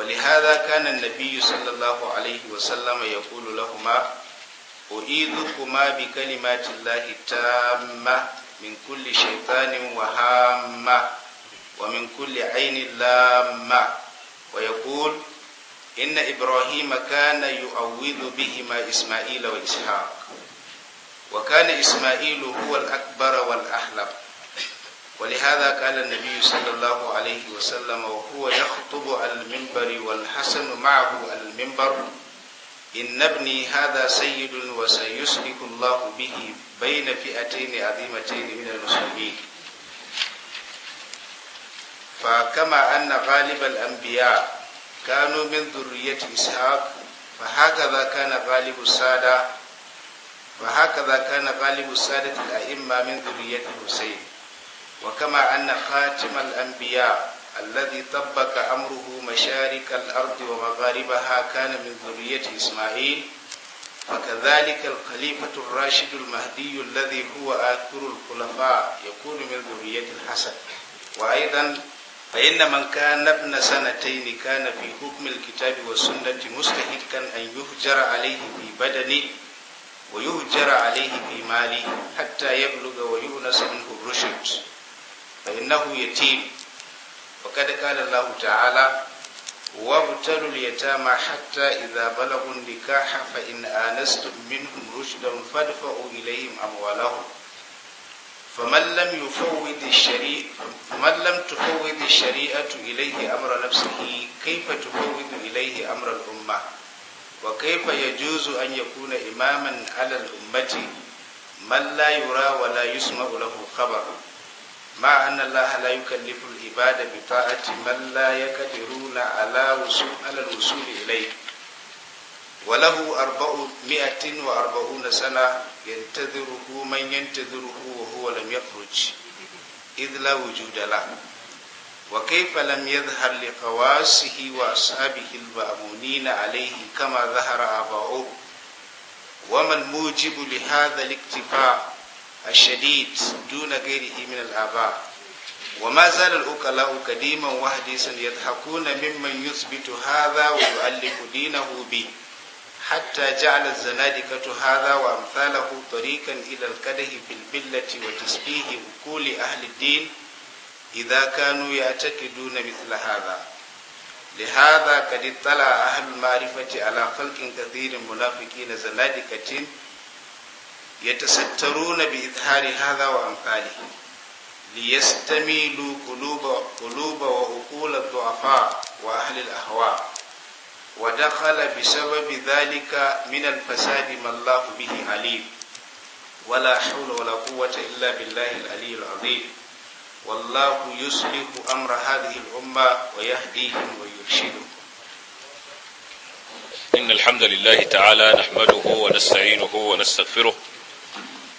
ولهذا كان النبي صلى الله عليه وسلم يقول لهما أعيذكما بكلمات الله التامة من كل شيطان وهامة ومن كل عين لامة ويقول إن إبراهيم كان يؤوذ بهما إسماعيل وإسحاق وكان إسماعيل هو الأكبر والأحلب ولهذا قال النبي صلى الله عليه وسلم وهو يخطب على المنبر والحسن معه على المنبر إن ابني هذا سيد وسيسلك الله به بين فئتين عظيمتين من المسلمين فكما أن غالب الأنبياء كانوا من ذرية إسحاق فهكذا كان غالب السادة فهكذا كان غالب السادة الأئمة من ذرية الحسين وكما أن خاتم الأنبياء الذي طبق أمره مشارك الأرض ومغاربها كان من ذرية إسماعيل فكذلك الخليفة الراشد المهدي الذي هو آخر الخلفاء يكون من ذرية الحسن وأيضا فإن من كان ابن سنتين كان في حكم الكتاب والسنة مستحقا أن يهجر عليه في بدنه ويهجر عليه في ماله حتى يبلغ ويونس منه الرشد فإنه يتيم وقد قال الله تعالى وابتلوا اليتامى حتى إذا بلغوا النكاح فإن آنستم منهم رشدا فادفعوا إليهم أموالهم فمن لم يفوض الشريعة فمن لم تفوض الشريعة إليه أمر نفسه كيف تفوض إليه أمر الأمة وكيف يجوز أن يكون إماما على الأمة من لا يرى ولا يسمع له خبر مع أن الله لا يكلف العباد بطاعة من لا يقدرون على وصول على الوصول إليه وله أربعمائة وأربعون سنة ينتظره من ينتظره وهو لم يخرج إذ لا وجود له وكيف لم يظهر لخواصه وأصحابه المأمونين عليه كما ظهر آباؤه وما الموجب لهذا الاكتفاء الشديد دون غيره من الآباء وما زال الأكلاء قديما وحديثا يضحكون ممن يثبت هذا ويؤلف دينه به حتى جعل الزنادقة هذا وأمثاله طريقا إلى الكده في البلة وتسبيه وكول أهل الدين إذا كانوا يعتقدون مثل هذا لهذا قد اطلع أهل المعرفة على خلق كثير منافقين زنادقة يتسترون بإظهار هذا وأمثاله ليستميلوا قلوب قلوب وعقول الضعفاء وأهل الأهواء ودخل بسبب ذلك من الفساد ما الله به عليم ولا حول ولا قوة إلا بالله العلي العظيم والله يصلح أمر هذه الأمة ويهديهم ويرشدهم إن الحمد لله تعالى نحمده ونستعينه ونستغفره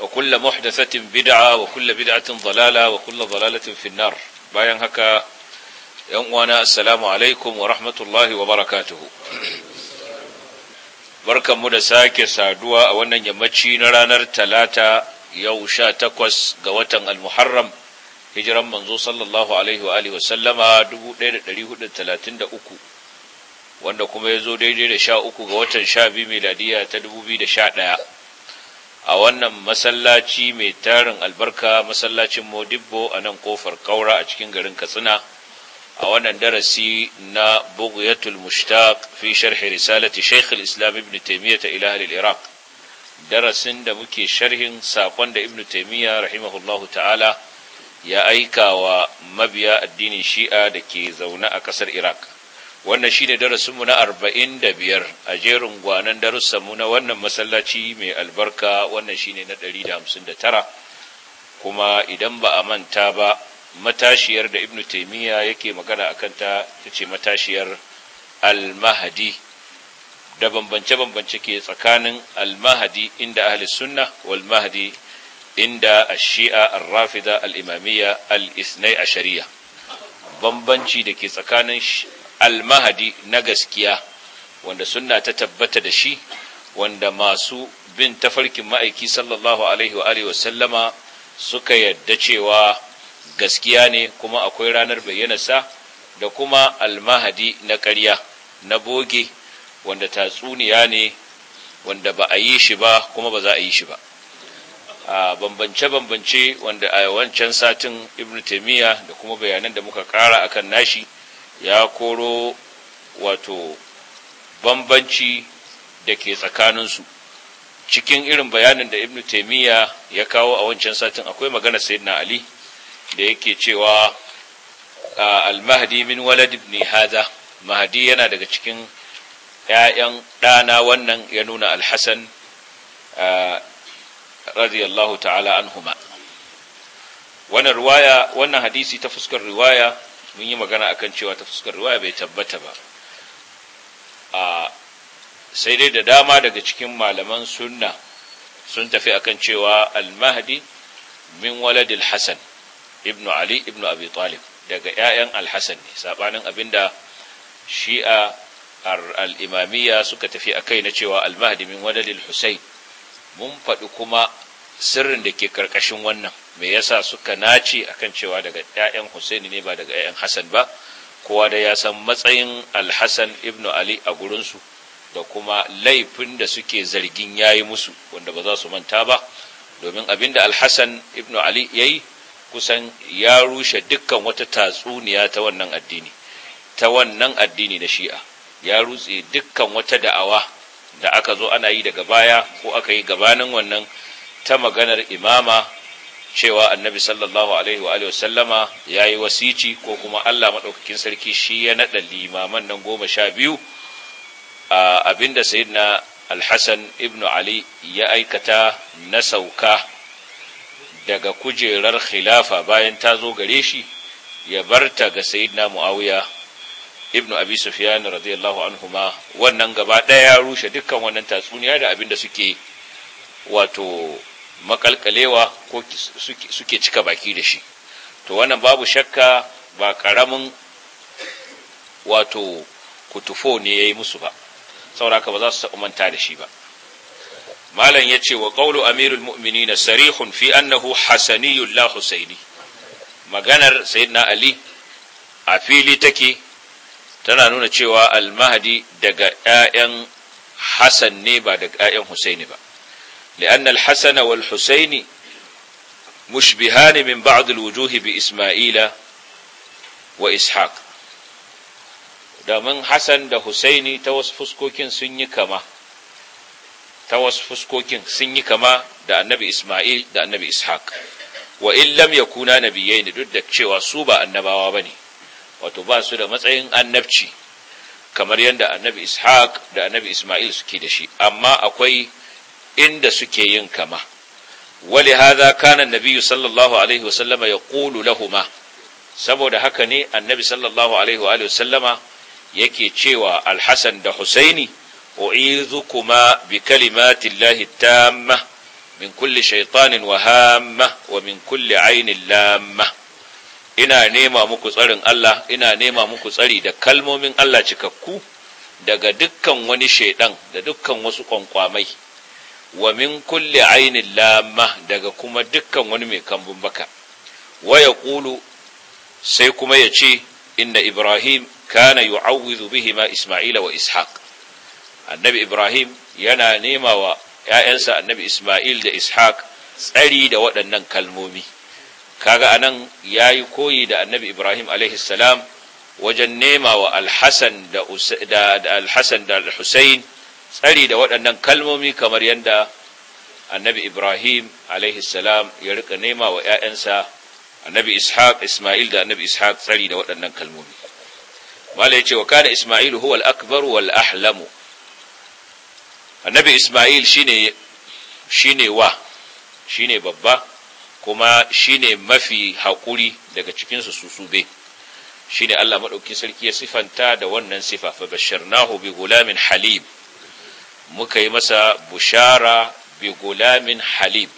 وكل محدثة بدعة وكل بدعة ضلالة وكل ضلالة في النار باين هكا يوم وانا السلام عليكم ورحمة الله وبركاته barkan mu da sake saduwa a wannan yammaci na ranar talata yau sha takwas ga watan almuharram hijiran manzo sallallahu alaihi wa alihi wasallama 1433 wanda kuma ya zo daidai da sha uku ga watan sha biyu miladiya ta ɗaya. a wannan masallaci mai tarin albarka masallacin modibbo a nan kofar kaura a cikin garin katsina a wannan darasi na bughyatul mushtaq fi sharhi risalati shaykh al-islam ibn taymiyyah ila ahli iraq darasin da muke sharhin sakon da ibn taymiyyah rahimahullahu ta'ala ya aika wa mabiya addinin shi'a da ke zaune a kasar iraq wannan shine darasinmu na arba'in da biyar a jerin gwanan darussanmu na wannan masallaci mai albarka wannan shine na ɗari da hamsin da tara kuma idan ba a manta ba matashiyar da ibnu taimiyya yake magana a kanta ta ce matashiyar al-Mahadi da bambance-bambance ke tsakanin almahadi inda ahli sunna wal mahadi inda shi'a al-rafida al-imamiyya al-isnai a shari'a bambanci da ke tsakanin almahadi na gaskiya wanda sunna ta tabbata da shi wanda masu bin tafarkin ma'aiki sallallahu alaihi wa alihi wasallama suka yadda cewa gaskiya ne kuma akwai ranar sa da kuma almahadi na ƙarya na boge wanda tatsuniya ne wanda ba a yi shi ba kuma ba za a yi shi ba a bambance-bambance wanda a wancan satin ibn taimiyya da kuma bayanan da muka kara akan nashi ya koro wato bambanci da ke tsakaninsu cikin irin bayanin da ibn taimiyya ya kawo a wancan satin akwai magana sayyidina ali da yake cewa al-mahdi min walad ibn hadha mahdi yana daga cikin ‘ya'yan ɗana wannan ya nuna al alhassan radiyallahu ta'ala anhuma Wannan riwaya, wannan hadisi ta fuskar riwaya mun yi magana akan cewa ta fuskar ruwaya bai tabbata ba sai dai da dama daga cikin malaman sunna sun tafi akan cewa al-mahdi min waladil hasan ibnu ali ibn abi talib daga 'ya'yan al-hasan ne sabanin abinda shi'a al-imamiyya suka tafi akai na cewa al-mahdi min waladil husayn mun faɗi kuma sirrin da ke karkashin wannan me yasa suka nace akan cewa daga ƴaƴan Husaini ne ba daga ƴaƴan Hassan ba kowa da ya san matsayin Al-Hasan ibn Ali a gurin su da kuma laifin da suke zargin yayi musu wanda ba za su manta ba domin abinda Al-Hasan ibn Ali yayi kusan ya rushe dukkan wata tatsuniya ta wannan addini ta wannan addini na Shi'a ya rutse dukkan wata da'awa da aka zo ana yi daga baya ko aka yi gabanin wannan ta maganar imama cewa annabi sallallahu alaihi wa sallama ya yi wasici ko kuma Allah madaukakin sarki shi ya naɗa limaman nan goma sha biyu abinda sayidina alhassan ibnu ali ya aikata na sauka daga kujerar khilafa bayan ta zo gare shi ya barta ga sayidina muawiya ibnu abi sufyan radiyallahu anhuma wannan gaba ɗaya ya rushe dukkan wannan tatsuniya da abinda suke wato makalkalewa ko suke cika baki da shi to wannan babu shakka ba karamin wato kutufo ne ya yi musu ba sauraka ba za su manta da shi ba malam ya ce wa ƙaulu amirul na sarihun fi annahu hasaniyun la husaini maganar sayyidina ali a fili take tana nuna cewa almahadi daga 'ya'yan hassan ne ba daga 'ya'yan husaini ba لأن الحسن والحسين مشبهان من بعض الوجوه بإسماعيل وإسحاق domin Hassan da Husaini ta wasu fuskokin sun yi kama ta wasu fuskokin sun yi kama da annabi Ismail da annabi Ishaq wa in yakuna nabiyyain duk da cewa su ba annabawa bane wato ba su da matsayin annabci kamar yadda annabi Ishaq da annabi Ismail suke da shi amma akwai inda suke yin kama wali haza kana annabi sallallahu alaihi wasallama yaqulu lahuma, saboda haka ne annabi sallallahu alaihi wa sallama yake cewa alhassan da husaini u'izukuma bi kalimatillahi tamma min kulli shaitanin wa wa min kulli ainin lamma ina nema muku tsarin Allah ina nema muku tsari da kalmomin Allah cikakku daga dukkan wani shaidan da dukkan wasu kwankwamai wa min kulli ainin lamma daga kuma dukkan wani mai kambun baka wa ya ƙulu sai kuma ya ce inna ibrahim kana yu'awwidhu bihi ma isma'ila wa ishaq annabi ibrahim yana nema wa ‘ya'yansa annabi Ismail da Ishaq tsari da waɗannan kalmomi, kaga anan ya yi koyi da annabi Ibrahim salam wajen nema wa Alhassan da Alhussein tsari da waɗannan kalmomi kamar yadda annabi Ibrahim alaihi salam ya rika nema wa ‘ya'yansa annabi Ishaq Ismail da annabi Ishaq tsari da waɗannan kalmomi. Mala ya ce wa kada Ismail huwa al'akbar wal ahlamu. Annabi Ismail shi ne wa, shi ne babba, kuma shi ne mafi haƙuri daga cikinsu su sube. Shi ne Allah maɗauki sarki ya sifanta da wannan sifa, fa bashirnahu bi gulamin halim. muka yi masa bushara bi gulamin halib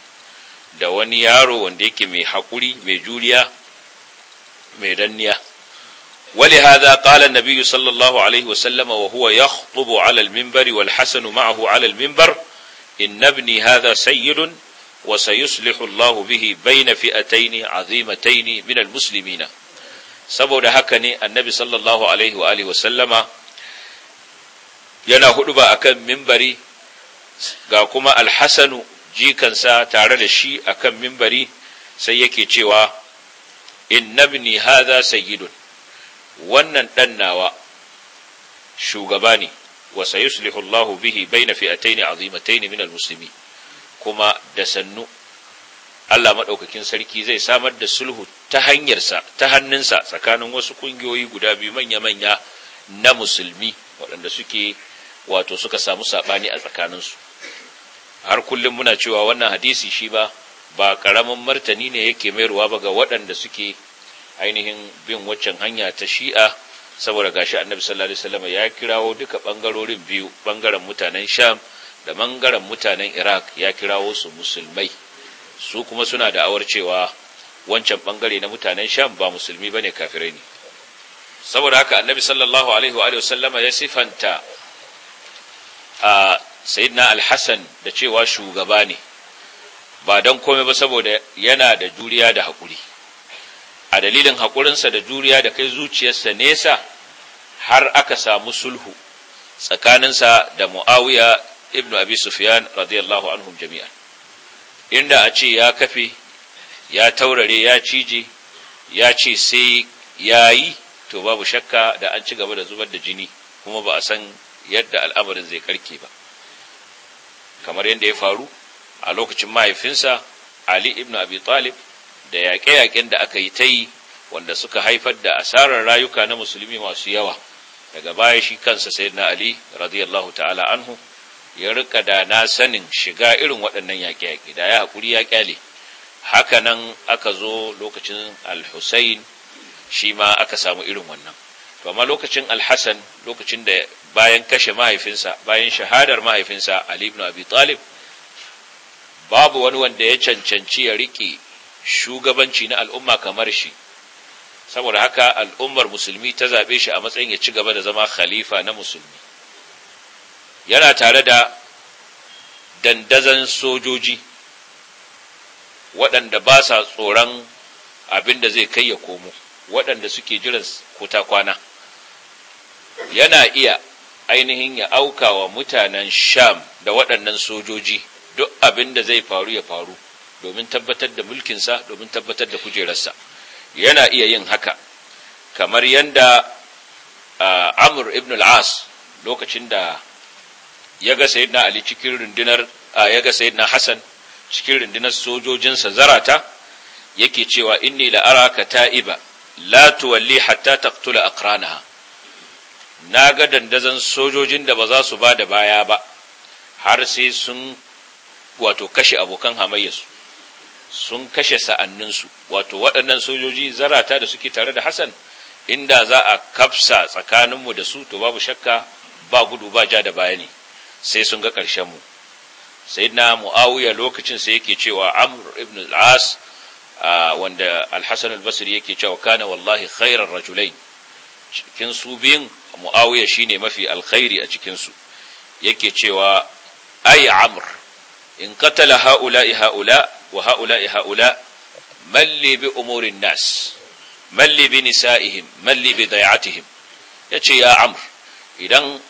da wani yaro wanda yake mai haƙuri mai juriya mai danniya wali hadha qala an sallallahu alaihi wa sallama wa huwa yakhutubu ala al-minbar wal hasan ma'ahu alal mimbar minbar inna ibni hadha sayyidun wa sayuslihu Allah bihi bayna fi'atayn azimataini min al-muslimina saboda haka ne annabi sallallahu alaihi wa alihi wa sallama yana hudu ba akan mimbari ga kuma alhassanu jikansa tare da shi akan mimbari sai yake cewa innabni hadha sayyidun wannan dan nawa shugaba ne wa sayuslihu Allahu bihi baina fi'atayn azimatayn min al-musulmi kuma da sannu Allah madaukakin sarki zai samar da sulhu ta hanyarsa ta hannunsa tsakanin wasu kungiyoyi guda biyu manya-manya na musulmi waɗanda suke wato suka samu sabani a tsakaninsu har kullum muna cewa wannan hadisi shi ba ba karamin martani ne yake mayarwa ba ga waɗanda suke ainihin bin waccan hanya ta shi'a saboda gashi annabi sallallahu alaihi wasallam ya kirawo duka bangarorin biyu bangaren mutanen sham da bangaren mutanen iraq ya kirawo su musulmai su kuma suna da awar cewa wancan bangare na mutanen sham ba musulmi bane kafirai ne saboda haka annabi sallallahu alaihi wa sallama ya sifanta a sayyidina AlHassan da cewa shugaba ne ba don komai ba saboda yana da juriya da haƙuri a dalilin haƙurinsa da juriya da kai zuciyarsa nesa har aka samu sulhu tsakaninsa da mu'awiya Ibn abi sufyan radiyallahu anhum jami'a, inda a ce ya kafe ya taurare ya cije ya ce sai yayi to babu shakka da an ci gaba da zubar da jini kuma ba a san yadda al'amarin zai karke ba kamar yadda ya faru a lokacin mahaifinsa ali ibn abi talib da yaƙe-yaƙen da aka yi ta yi wanda suka haifar da asarar rayuka na musulmi masu yawa daga baya shi kansa sayyidina ali radiyallahu ta'ala anhu ya rika da na sanin shiga irin waɗannan yaƙe-yaƙe da ya haƙuri ya ƙyale haka nan aka zo lokacin al-husayn shi ma aka samu irin wannan to amma lokacin alhassan lokacin da bayan kashe mahaifinsa bayan shahadar mahaifinsa ali ibn abi talib babu wani wanda ya cancanci ya riƙe shugabanci na al'umma kamar shi saboda haka al'ummar musulmi ta zaɓe shi a matsayin ya ci gaba da zama khalifa na musulmi yana tare da dandazan sojoji waɗanda ba sa tsoron abin da zai kai ya komo waɗanda suke jiran kuta kwana yana iya ainihin ya auka wa mutanen sham da waɗannan sojoji duk abin da zai faru ya faru domin tabbatar da mulkinsa domin tabbatar da kujerarsa yana iya yin haka kamar yadda amur ibn al'as lokacin da ya ga sayidina ali cikin rundunar ya ga sayidina hassan cikin rundunar sojojinsa zarata yake cewa inni ka ta'iba la tuwalli hatta taktula akranaha. na ga dandazon sojojin da ba za su ba da baya ba har sai sun wato kashe abokan hamayyarsu sun kashe sa'anninsu wato waɗannan sojoji zarata da suke tare da hassan inda za a kafsa tsakaninmu da su to babu shakka ba gudu ba ja da bayani sai sun ga ƙarshenmu sai na mu'awuya lokacin sai yake cewa amr ibn al'as wanda Alhassan albasir basri yake cewa kana wallahi khairar rajulai cikin su biyun muawiya shine mafi alkhairi a cikin su yake cewa ai amr in katala haula'i haula wa haula'i haula malli bi umurin nas malli bi nisa'ihim malli bi dayatihim yace ya amr idan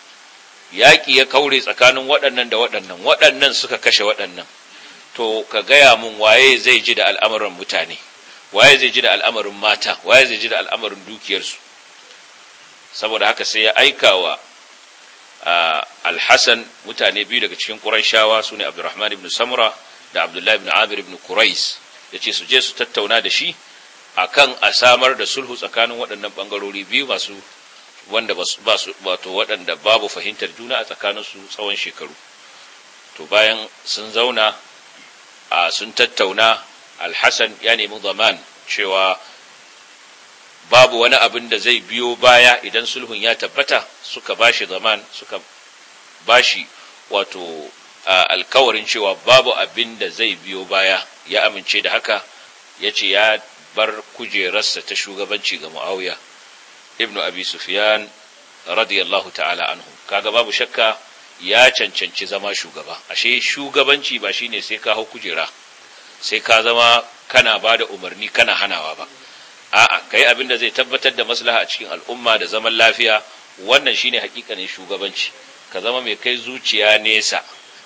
yaƙi ya kaure tsakanin waɗannan da waɗannan waɗannan suka kashe waɗannan to ka gaya mun waye zai ji da al'amuran mutane waye zai ji da al'amarin mata waye zai ji da al'amarin dukiyarsu saboda haka sai ya aika wa alhassan mutane biyu daga cikin ƙuraishawa su ne abdurrahman ibn samura da abdullahi ibn amir ibn kurais ya ce su je su tattauna da shi a kan a samar da sulhu tsakanin waɗannan ɓangarori biyu masu wanda ba su wato waɗanda babu fahimtar juna a tsakaninsu tsawon shekaru to bayan sun zauna a sun tattauna alhassan ya nemi zaman cewa babu wani abin da zai biyo baya idan sulhun ya tabbata suka bashi zaman suka bashi wato alkawarin cewa babu abin da zai biyo baya ya amince da haka ya ce ya bar kujerarsa ta shugabanci ga muawiya ibnu abi sufyan radiyallahu ta'ala anhu kaga babu shakka ya cancanci zama shugaba ashe shugabanci ba shine sai ka hau kujera sai ka zama kana bada umarni kana hanawa ba a'a kai abin da zai tabbatar da maslaha a cikin al'umma da zaman lafiya wannan shine hakikanin shugabanci ka zama mai kai zuciya nesa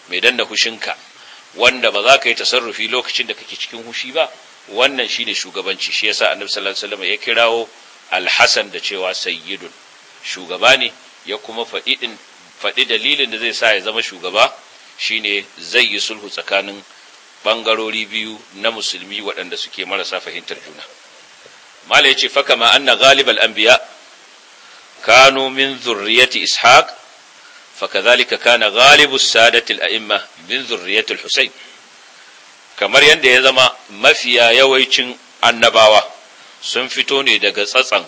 mai danna hushinka wanda ba za ka yi tasarrufi lokacin da kake cikin hushi ba wannan shine shugabanci shi yasa annabi sallallahu alaihi wasallam ya kirawo al da cewa sayyidun shugaba ne ya kuma faɗi fadi dalilin da zai sa ya zama shugaba shine zai yi sulhu tsakanin bangarori biyu na musulmi waɗanda suke marasa fahimtar juna mala ya ce faka anna galibar anbiya kanu min zurriyati ishaq fakadhalika kana ghalibus sadati aimma min zurriyati husayn kamar yadda ya zama mafiya yawaicin annabawa sun fito ne daga tsatsan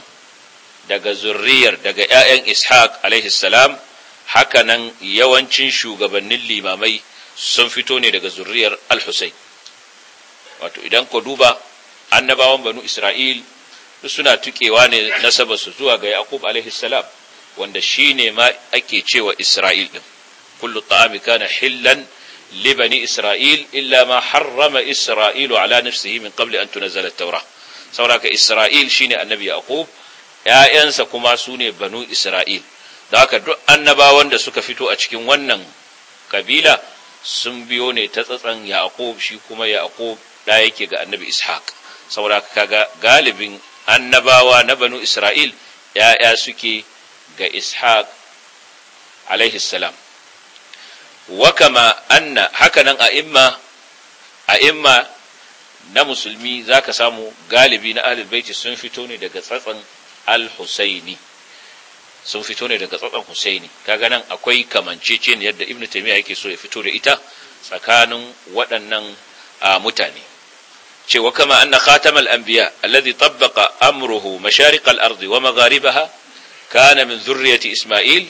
daga zurriyar daga ‘ya'yan ishaq salam haka nan yawancin shugabannin limamai sun fito ne daga zurriyar al-husayn wato idan ku duba annabawan banu isra'il duk suna tukewa ne nasaba su zuwa ga yaqub alaihi salam wanda shine ma ake cewa isra'il din kullu ta'ami kana hillan li bani isra'il illa ma harrama isra'ilu ala nafsihi min qabli an tunzala at-taura sauraka isra'il shine annabi yaqub ƴaƴansa kuma sune banu isra'il da haka duk annabawan da suka fito a cikin wannan kabila sun biyo ne ta tsatsan yaqub shi kuma yaqub da yake ga annabi ishaq saboda kaga galibin annabawa na banu Isra'il ‘ya'ya suke ga Ishaq alaihi salam. Wakama anna hakanan a imma, na musulmi za ka samu galibi na baiti sun fito ne daga tsatsan al-Husaini. Sun fito ne daga tsatsan Husaini, kaga nan akwai kamancecen yadda Ibn Taymiyyah yake so ya fito da ita tsakanin waɗannan mutane. شيء وكما أن خاتم الأنبياء الذي طبق أمره مشارق الأرض ومغاربها كان من ذرية إسماعيل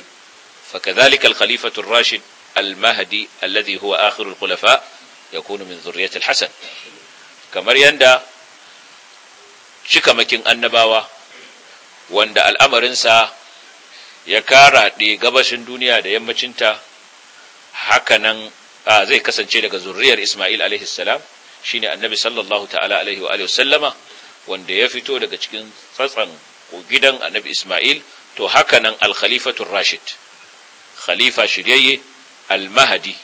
فكذلك الخليفة الراشد المهدي الذي هو آخر الخلفاء يكون من ذرية الحسن كما يندى شكمكين النباوة واندى الأمر انسى يكارى دي قبش الدنيا دي يمتشنتا حكنا آه زي كسن شيء ذرية إسماعيل عليه السلام shine annabi sallallahu ta'ala alaihi wa alihi sallama wanda ya fito daga cikin tsatsan gidan annabi Isma'il to haka nan al rashid khalifa shiryayye al-mahdi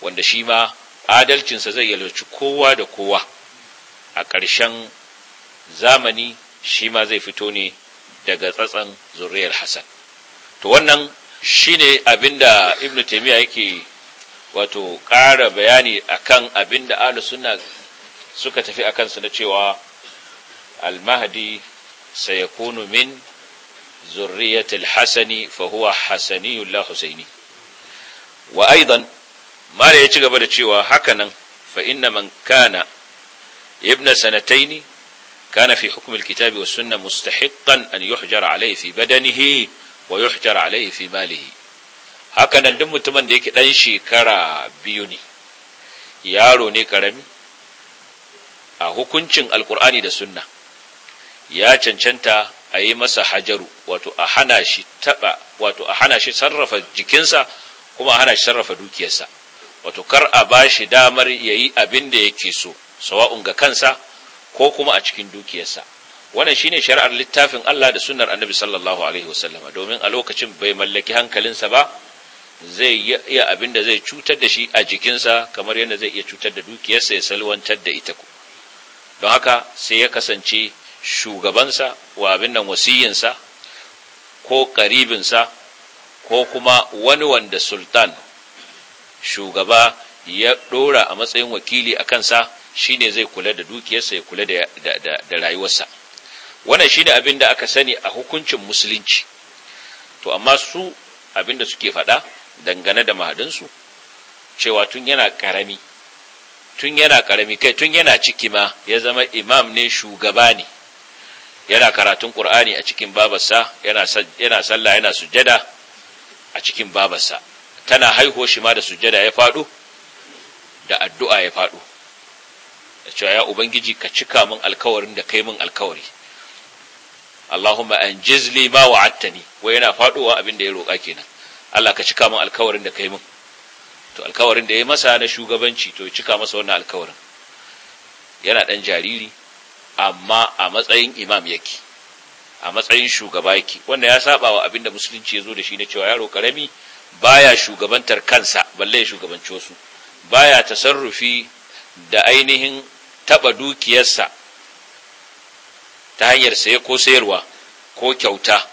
wanda shi ma adalcinsa zai yalwaci kowa da kowa a ƙarshen zamani shi ma zai fito ne daga tsatsan zuriyar Hassan to wannan shine abinda Ibn Taymiyyah yake wato ƙara bayani akan abin da ahlus sunna suka tafi akan su na cewa al-mahdi sayakunu min zurriyyati al-hasani fa huwa hasani la husaini wa aidan mala ya ci gaba da cewa hakanan fa inna man kana ibna sanataini كان في حكم الكتاب والسنة مستحقا أن يحجر عليه في بدنه ويحجر عليه في ماله haka nan duk mutumin da yake ɗan shekara biyu ne yaro ne karami a hukuncin alkur'ani da sunna ya cancanta a yi masa hajaru wato a hana shi taba wato a hana shi sarrafa jikinsa kuma a hana shi sarrafa dukiyarsa wato kar a ba shi damar ya yi abin da yake so sawa'un ga kansa ko kuma a cikin dukiyarsa wannan shine shari'ar littafin Allah da sunnar annabi sallallahu alaihi wasallama domin a lokacin bai mallaki hankalinsa ba zai iya abin da zai cutar da shi a jikinsa kamar yadda zai iya cutar da dukiyarsa ya salwantar da ita ku don haka sai ya kasance shugabansa wa abin nan wasiyinsa ko karibinsa ko kuma wani wanda sultan shugaba ya ɗora a matsayin wakili a kansa shine zai kula da dukiyarsa ya kula da, rayuwarsa wannan shine abin da aka sani a hukuncin musulunci to amma su abin da suke faɗa dangane da mahadinsu cewa tun yana karami tun yana karami kai tun yana ciki ma ya zama imam ne shugaba ne yana karatun qur'ani a cikin babarsa yana yana sallah yana sujada a cikin babarsa tana haihuwa shi ma da sujada ya fado da addu'a ya fado da cewa ya ubangiji ka cika min alkawarin da kai min alkawari Allahumma anjizli ma wa'attani wai yana faɗowa abin da ya roka kenan Allah ka cika min alkawarin da kai min to alkawarin da ya masa na shugabanci to ya cika masa wannan alkawarin yana dan jariri amma a matsayin imam yake a matsayin shugaba yake wanda ya saba wa abinda musulunci ya zo da shi na cewa yaro karami baya shugabantar kansa balle ya shugabanci wasu baya tasarrufi da ainihin taba dukiyarsa ta hanyar saye ko sayarwa ko kyauta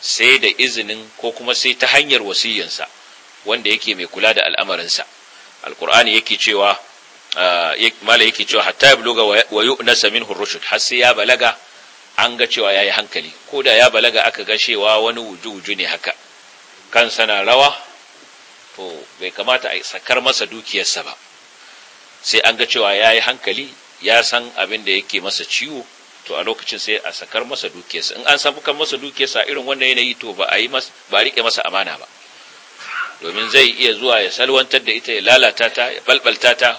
sai da izinin ko kuma sai ta hanyar wasiyyansa wanda yake mai kula da al'amarinsa alƙur'ani yake cewa mala yake cewa hatta ya buluga wa yu'nasa minhu rushd har sai ya balaga an ga cewa ya yi hankali ko da ya balaga aka ga wani wuju-wuju ne haka kansa na rawa to bai kamata a sakar masa dukiyarsa ba sai an ga cewa ya yi hankali ya san abin da yake masa ciwo to a lokacin sai a sakar masa dukiyarsa in an samu kan masa dukiyarsa irin wannan yanayi to ba a yi masa ba rike masa amana ba domin zai iya zuwa ya salwantar da ita ya lalata ta ya balbalta ta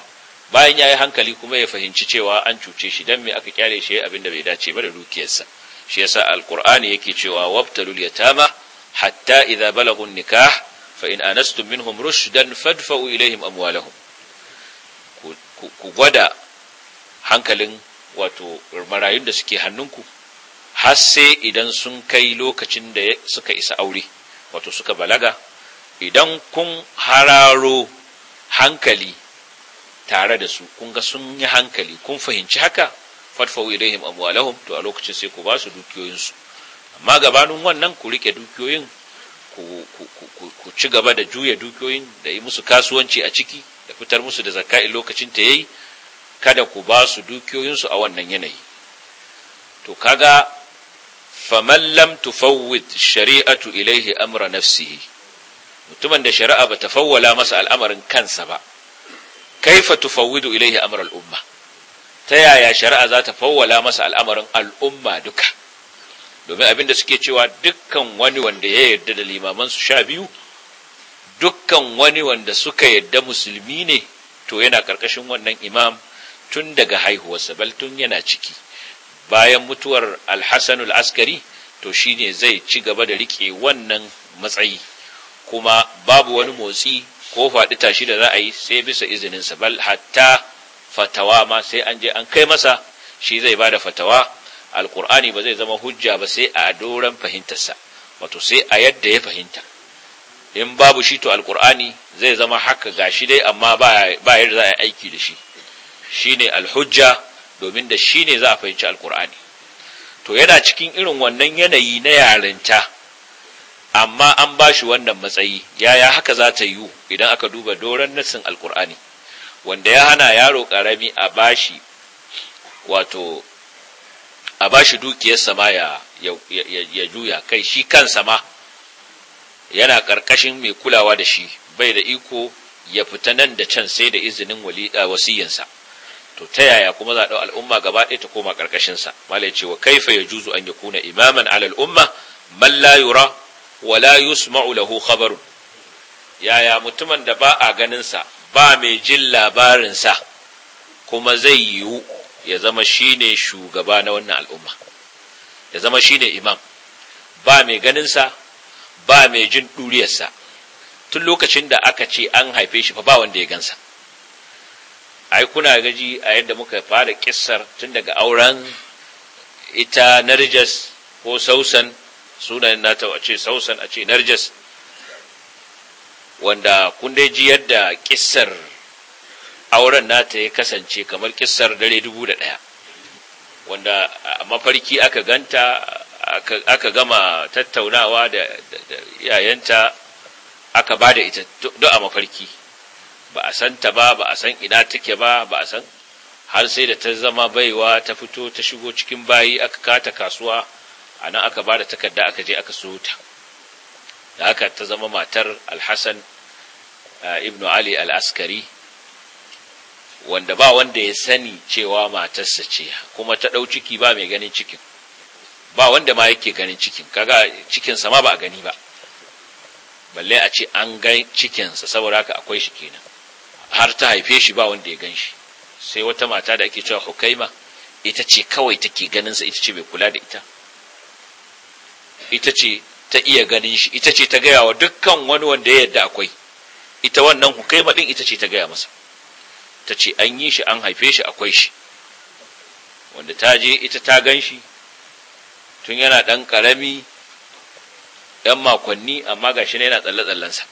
bayan ya yi hankali kuma ya fahimci cewa an cuce shi dan me aka kyale shi abin da bai dace ba da dukiyarsa shi yasa alqur'ani yake cewa wabtalul yatama hatta idza balagu nikah fa in anastum minhum rushdan fadfa'u ilaihim amwalahum ku gwada hankalin wato marayun da suke hannunku har sai idan sun kai lokacin da suka isa aure wato suka balaga idan kun hararo hankali tare da su kun ga sun yi hankali kun fahimci haka fadfawu ilaihim amwalahum to a lokacin sai ku ba su dukiyoyinsu amma gabanin wannan ku rike dukiyoyin ku ci gaba da juya dukiyoyin da yi musu kasuwanci a ciki da fitar musu da zakka lokacin ta yayi kada ku ba su dukiyoyinsu a wannan yanayi to kaga faman tufawwid shari'atu ilaihi amra nafsihi mutumin da shari'a ba ta fawwala masa al'amarin kansa ba kaifa tufawwidu ilaihi amra al'umma ta yaya shari'a za ta fawwala masa al'amarin al'umma duka domin abin da suke cewa dukkan wani wanda ya yarda da limaman su sha biyu dukkan wani wanda suka yarda musulmi ne to yana karkashin wannan imam tun daga haihuwarsa bal tun yana ciki bayan mutuwar alhassan al'askari to shi ne zai ci gaba da riƙe wannan matsayi kuma babu wani motsi ko faɗi tashi da za a yi sai bisa izininsa bal hatta fatawa ma sai an je an kai masa shi zai ba da fatawa alƙur'ani ba zai zama hujja ba sai a doron fahimtarsa wato sai a yadda ya fahimta in babu shi to alƙur'ani zai zama haka gashi dai amma ba yadda za a yi aiki da shi shine alhujja domin da shine za a fahimci alkur'ani to yana cikin irin wannan yanayi na yarinta amma an ba shi wannan matsayi yaya haka za ta yiwu idan aka duba doron nassin alkur'ani wanda ya hana yaro karami a bashi wato a bashi dukiyarsa ma ya, ya juya kai shi kan sama? yana ƙarƙashin mai kulawa da shi bai da iko ya fita nan da can sai da izinin wasiyinsa to ta yaya kuma za a ɗau al'umma gaba ɗaya ta koma ƙarƙashinsa malai ce wa kaifa ya juzu an ya kuna imaman al'umma? umma man la yura wa la yusma'u lahu yaya mutumin da ba a ganinsa ba mai jin labarinsa kuma zai yiwu ya zama shine shugaba na wannan al'umma ya zama shine imam ba mai ganinsa ba mai jin ɗuriyarsa tun lokacin da aka ce an haife shi fa ba wanda ya gansa ai kuna gaji a yadda muka fara kissar tun daga auren ita narjas ko sausan sunan nata a ce sausan a ce narjas wanda kun dai ji yadda kissar auren nata ya kasance kamar kissar dare dubu da ɗaya wanda a mafarki aka ganta aka gama tattaunawa da yayanta aka ba da ita duk a mafarki ba a san ta ba ba a san ina take ba ba a san har sai da ta zama baiwa ta fito ta shigo cikin bayi aka kata kasuwa anan aka ba da takarda aka je aka so ta da haka ta zama matar alhassan eh, ibnu ali al-askari wanda ba wanda ya sani cewa matarsa ce kuma ta ɗau ciki ba mai ganin cikin ba wanda ma yake ganin cikin kaga cikinsa ma ba a gani ba balle a ce an ga cikinsa saboda haka akwai shi kenan har ta haife shi ba wanda ya gan shi sai wata mata da ake cewa hukaima ita ce kawai take ganinsa ita ce bai kula da ita ita ce ta iya ganin shi ita ce ta gaya wa dukkan wani wanda ya yadda akwai ita wannan hukaima din ita ce ta gaya masa ta ce an yi shi an haife shi akwai shi wanda ta je ita ta gan shi tun yana ɗan ƙarami ɗan makonni amma gashi ne yana tsalle-tsallensa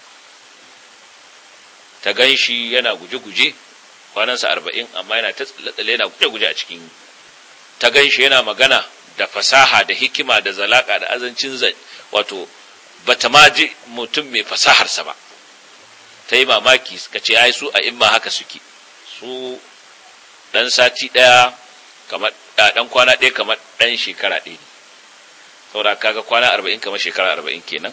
ta gan shi yana guje-guje kwanansa arba'in amma yana ta tsalle yana guje-guje a cikin ta gan shi yana magana da fasaha da hikima da zalaka da azancin zai wato ba ta ma ji mutum mai fasaharsa ba ta yi mamaki ka ce ai su a ma haka suke su ɗan sati ɗaya kamar ɗan kwana ɗaya kamar ɗan shekara ɗaya saboda kaga kwana arba'in kamar shekara arba'in kenan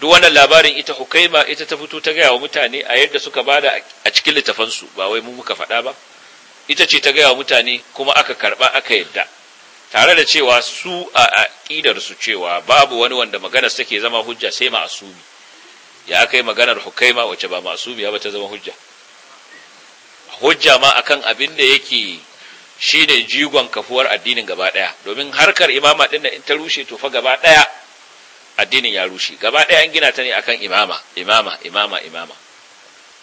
duk wannan labarin ita hukaima ita ta fito ta gaya wa mutane a yadda suka bada a cikin littafansu ba wai mu muka faɗa ba ita ce ta gaya wa mutane kuma aka karɓa aka yadda tare da cewa su a aƙidar su cewa babu wani wanda maganar take zama hujja sai ma'asumi ya aka maganar hukaima wacce ba ma'asumi ba ta zama hujja hujja ma akan abin da yake shine jigon kafuwar addinin gaba ɗaya domin harkar imama ɗin in ta rushe to fa gaba ɗaya addinin ya rushe gaba ɗaya an gina ta ne akan imama imama imama imama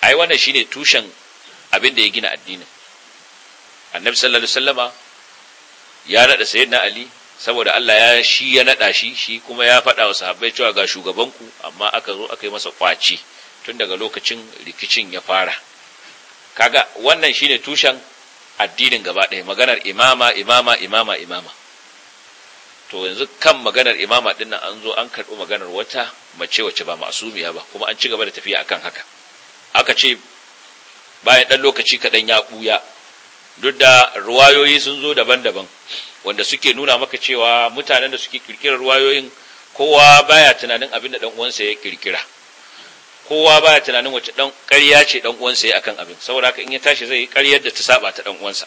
ai wannan shine tushen abin da ya gina addinin annabi sallallahu alaihi wasallama ya nada sayyidina ali saboda Allah ya shi ya nada shi shi kuma ya faɗa wa sahabbai cewa ga shugabanku amma aka zo aka yi masa kwaci tun daga lokacin rikicin ya fara kaga wannan shine tushen addinin gaba ɗaya maganar imama imama imama imama to yanzu kan maganar imama din nan an zo an karbi maganar wata mace wace ba masumiya ba kuma an ci gaba da tafiya akan haka aka ce bayan ɗan lokaci kaɗan ya buya duk da ruwayoyi sun zo daban-daban wanda suke nuna maka cewa mutanen da suke kirkirar ruwayoyin kowa baya tunanin abin da ɗan uwansa ya kirkira kowa baya tunanin wace ɗan ƙarya ce ɗan uwansa ya akan abin saboda haka in ya tashi zai yi ƙaryar da ta saba ta ɗan uwansa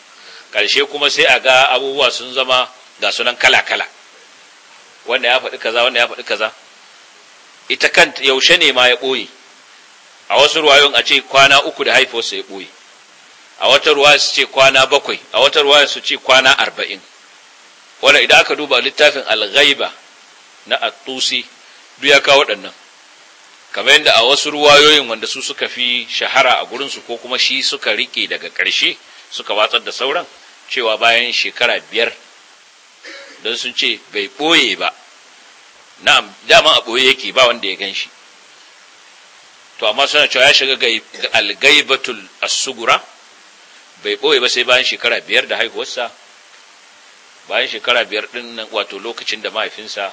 karshe kuma sai a ga abubuwa sun zama ga sunan kala-kala wanda ya faɗi kaza wanda ya faɗi kaza ita kanta yaushe ne ma ya ɓoye a wasu ruwayoyin a ce kwana uku da haifosa ya ɓoye a wata ruwa su ce kwana bakwai a wata ruwa su ce kwana arba'in wanda idan aka duba littafin alghaiba na atusi duk ya kawo waɗannan kamar yadda a wasu ruwayoyin wanda su suka fi shahara a gurinsu ko kuma shi suka riƙe daga ƙarshe suka watsar da sauran cewa bayan shekara biyar don sun ce bai ɓoye ba na dama a ɓoye yake ba wanda ya gan shi to amma suna cewa ya shiga algaibatul asugura bai ɓoye ba sai bayan shekara biyar da haihuwarsa bayan shekara biyar ɗin nan wato lokacin da mahaifinsa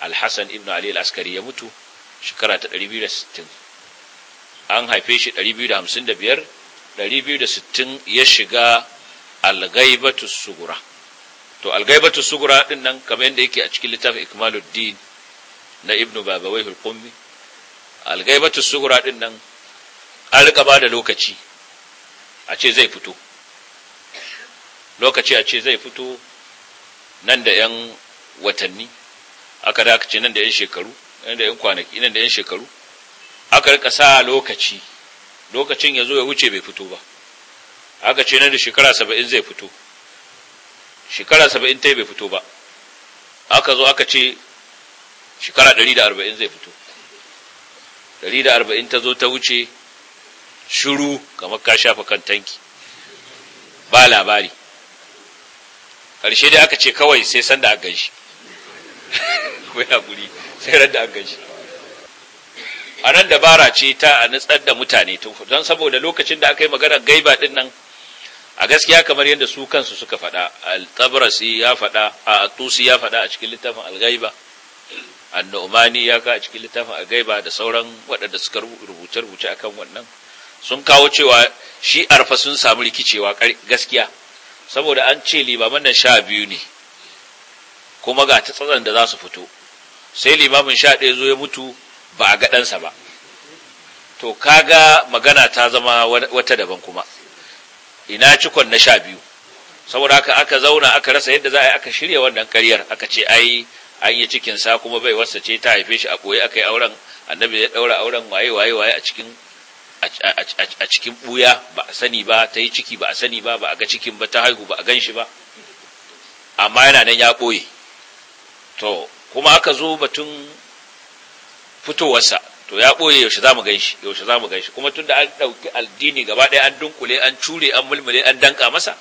alhassan ibn ali al-askari ya mutu shekara ta 260 an haife shi 255 260 ya shiga algaibatus sugura to algaibatu sugura din nan kamar yadda yake a cikin littafin ikmaluddin na ibnu babawai al algaibatu sugura din nan an rika ba da lokaci a ce zai fito lokaci a ce zai fito nan da yan watanni aka da aka ce nan da yan shekaru nan da yan kwanaki nan da yan shekaru aka rika sa lokaci lokacin ya zo ya wuce bai fito ba aka ce nan da shekara saba'in zai fito shekara saba'in ta bai fito ba aka zo aka ce shekara ɗari da arba'in zai fito ɗari da arba'in ta zo ta wuce shuru kamar ka shafa kan tanki ba labari ƙarshe dai aka ce kawai sai sanda a gan shi ya guri sai randa a an gan shi a nan dabara ce ta a nutsar da mutane tun don saboda lokacin da aka yi magana gaiba ɗin nan a gaskiya kamar yadda su kansu suka faɗa al-tabrasi ya faɗa a tusi ya faɗa a cikin littafin al-ghaiba annu'mani ya ka a cikin littafin al-ghaiba da sauran waɗanda suka rubuce rubuce akan wannan sun kawo cewa shi arfa sun samu rikicewa gaskiya saboda an ce limamin nan sha biyu ne kuma ga ta tsatsan da za su fito sai limamin sha ɗaya zo ya mutu ba a gaɗansa ba to kaga magana ta zama wata daban kuma ina cikon na sha biyu saboda haka aka zauna aka rasa yadda za a yi aka shirya wannan karyar aka ce ai an yi cikin sa kuma bai wasa ce ta haife shi a koyi aka yi auren annabi ya ɗaura auren waye waye waye a cikin a cikin buya ba a sani ba ta yi ciki ba a sani ba ba a ga cikin ba ta haihu ba a gan shi ba amma yana nan ya koyi to kuma aka zo batun fitowarsa to ya ɓoye yaushe za mu ganshi yaushe za mu ganshi kuma tun da an ɗauki addini gaba ɗaya an dunkule an cure an mulmule an danka masa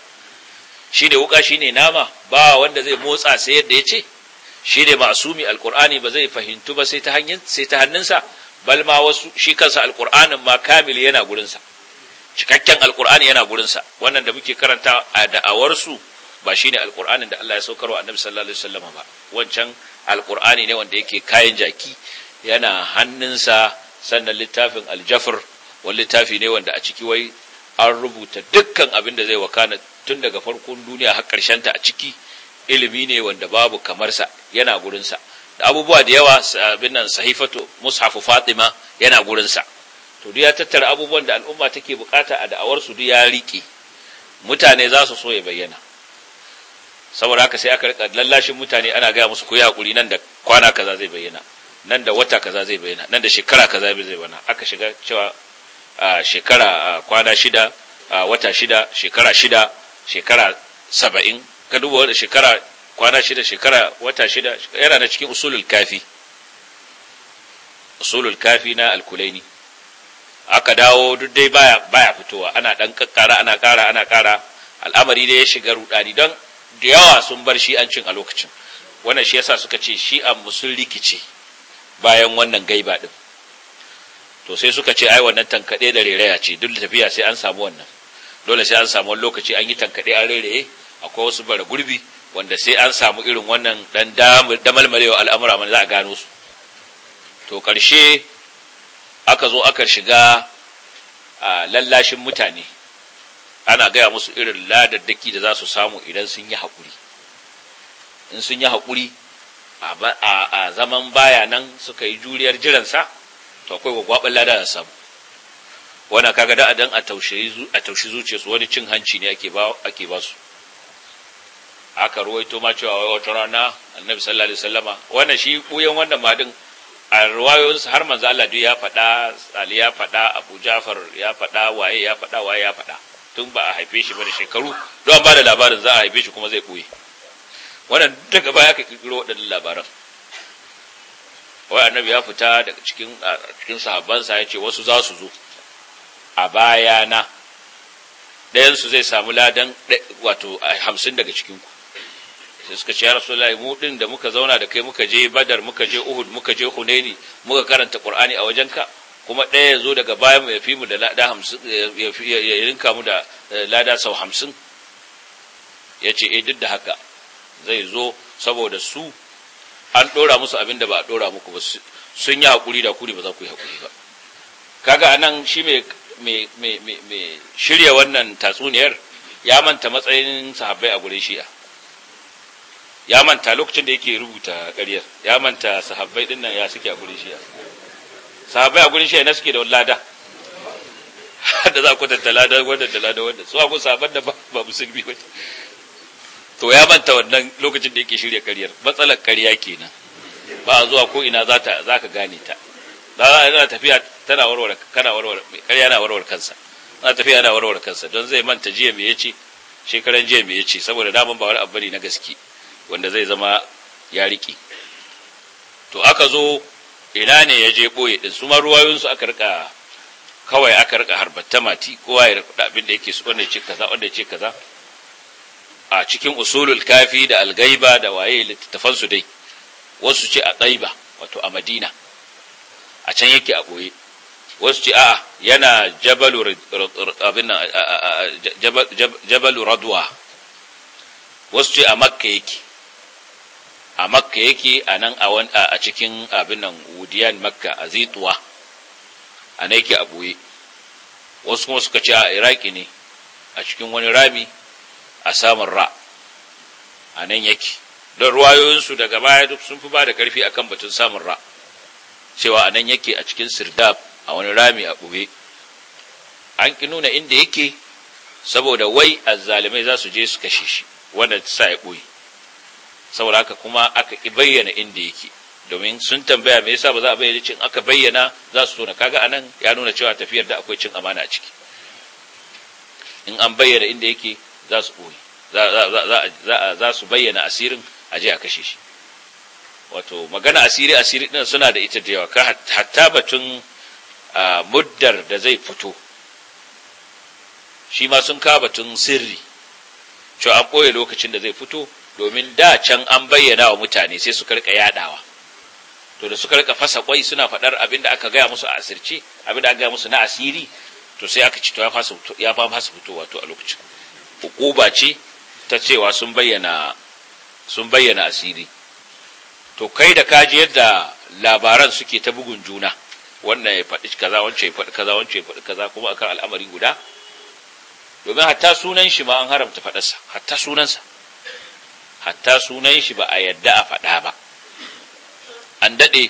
shi ne wuka shi ne nama ba wanda zai motsa sai yadda ya ce shi ne masumi alkur'ani ba zai fahimtu ba sai ta hannunsa bal ma wasu shi kansa alkur'anin ma kamil yana gurinsa cikakken alkur'ani yana gurinsa wannan da muke karanta a da'awarsu ba shi ne alkur'anin da Allah ya saukarwa annabi sallallahu alaihi wasallam ba wancan alkur'ani ne wanda yake kayan jaki yana hannunsa sannan littafin Aljafar. wani littafi ne wanda a ciki wai an rubuta dukkan abin da zai wakana tun daga farkon duniya har ta a ciki ilimi ne wanda babu kamarsa yana gurinsa da abubuwa da yawa abin nan sahifatu mushafu fatima yana gurinsa to duk ya tattara abubuwan da al'umma take bukata a da'awar su duk ya rike mutane za su so ya bayyana saboda haka sai aka rika lallashin mutane ana gaya musu ku yi hakuri nan da kwana kaza zai bayyana nan da wata kaza zai bayyana nan da shekara kaza zai bayyana aka shiga cewa a shekara kwana shida a wata shida shekara shida shekara saba'in ka duba wadda shekara kwana shida shekara wata shida yana na cikin usulul kafi usulul kafi na alkulaini aka dawo duk dai baya baya fitowa ana dan kakkara ana kara ana kara al'amari da ya shiga rudani don da yawa sun bar shi an cin a lokacin wannan shi yasa suka ce shi an musul rikici bayan wannan gaiba ɗin, to sai suka ce ai wannan tankaɗe da reraya ce duk tafiya sai an samu wannan dole sai an samu wani lokaci an yi tankaɗe, an reraye akwai wasu bara gurbi wanda sai an samu irin wannan dan damalmalewa al'amura man za a gano su to karshe aka zo aka shiga a lallashin mutane ana gaya musu irin ladaddaki da za su samu idan sun yi haƙuri in sun yi haƙuri a zaman baya nan suka yi juriyar jiransa to akwai gwagwabin lada da samu wani kaga da adan a taushi su wani cin hanci ne ake ba su aka ruwaito ma cewa wai wata rana annabi sallallahu alaihi wasallama wannan shi koyon wannan madin a ruwayoyinsu har manzo Allah duk ya faɗa Ali ya faɗa Abu Ja'far ya faɗa waye ya faɗa waye ya fada tun ba a haife shi ba da shekaru don ba da labarin za a haife shi kuma zai koyi wannan daga baya ka kirkiro waɗannan labaran wai annabi ya fita daga cikin cikin sahabbansa ya ce wasu za su zo a bayana ɗayansu zai samu ladan wato hamsin daga cikinku sai suka ce ya rasulullahi mu ɗin da muka zauna da kai muka je badar muka je uhud muka je hunaini muka karanta qur'ani a wajenka kuma ɗaya ya zo daga bayan ya fi mu da lada hamsin ya rinka mu da eh, lada sau hamsin ya ce eh duk da haka zai zo saboda su an ɗora musu abin da ba a ɗora muku ba sun yi haƙuri da kuri ba za ku yi haƙuri ba kaga anan shi mai shirya wannan tatsuniyar ya manta matsayin sahabbai a gurin shi'a ya manta lokacin da yake rubuta ƙaryar ya manta sahabbai ɗin nan ya suke a gurin shi'a sahabbai a gurin shi'a na suke da lada da za ku tattala da wadda da lada wadda su akwai sahabban da ba musulmi ba to ya manta wannan lokacin da yake shirya karyar, matsalar karya kenan ba zuwa ko ina za ta za ka gane ta za tafiya tana warware kana warware ƙarya na warware kansa za tafiya na warware kansa don zai manta jiya me yace shekaran jiya me yace saboda daman ba wani abu ne na gaske wanda zai zama ya riki to aka zo ina ne ya je boye din su ma ruwayoyin su aka rika kawai aka rika harbatta mati kowa ya rika abin da yake so wanda ya ce kaza wanda ya ce kaza a cikin usulul kafi da algaiba da waye littattafansu su dai wasu ce a tsaiba wato a madina a can yake a ɓoye wasu ce a yana jabalu radwa wasu ce a makka yake a makka yake a nan a cikin abin nan wudiyan makka a zituwa a nan yake a ɓoye wasu kuma suka ce a iraki ne a cikin wani rami a samun ra a nan yake don ruwayoyinsu daga baya duk sun fi ba da ƙarfi akan batun samun ra cewa a nan yake a cikin sirdab a wani rami a ɓube an ki nuna inda yake saboda wai a zalimai za su je su kashe shi wanda sa ya ɓoye saboda haka kuma aka ki bayyana inda yake domin sun tambaya me yasa ba za a bayyana cin aka bayyana za su tona kaga anan ya nuna cewa tafiyar da akwai cin amana a ciki in an bayyana inda yake za su ɓoye za su bayyana asirin a je a kashe shi wato magana asiri asiri ɗin suna da ita da yawa hatta batun muddar da zai fito shi ma sun ka batun sirri cewa an ɓoye lokacin da zai fito domin da can an bayyana wa mutane sai su karka yadawa to da suka rika fasa kwai suna faɗar abinda aka gaya musu a asirce abinda aka gaya musu na asiri to sai aka ci to ya fasa fitowa to a lokacin hukuba ce ta cewa sun bayyana sun bayyana asiri to kai da kaji yadda labaran suke ta bugun juna wannan ya faɗi kaza wancan ya faɗi kaza wancan ya faɗi kaza kuma akan al'amari guda domin hatta sunan shi ma an haramta faɗarsa hatta sunansa hatta sunan shi ba a yadda a faɗa ba an daɗe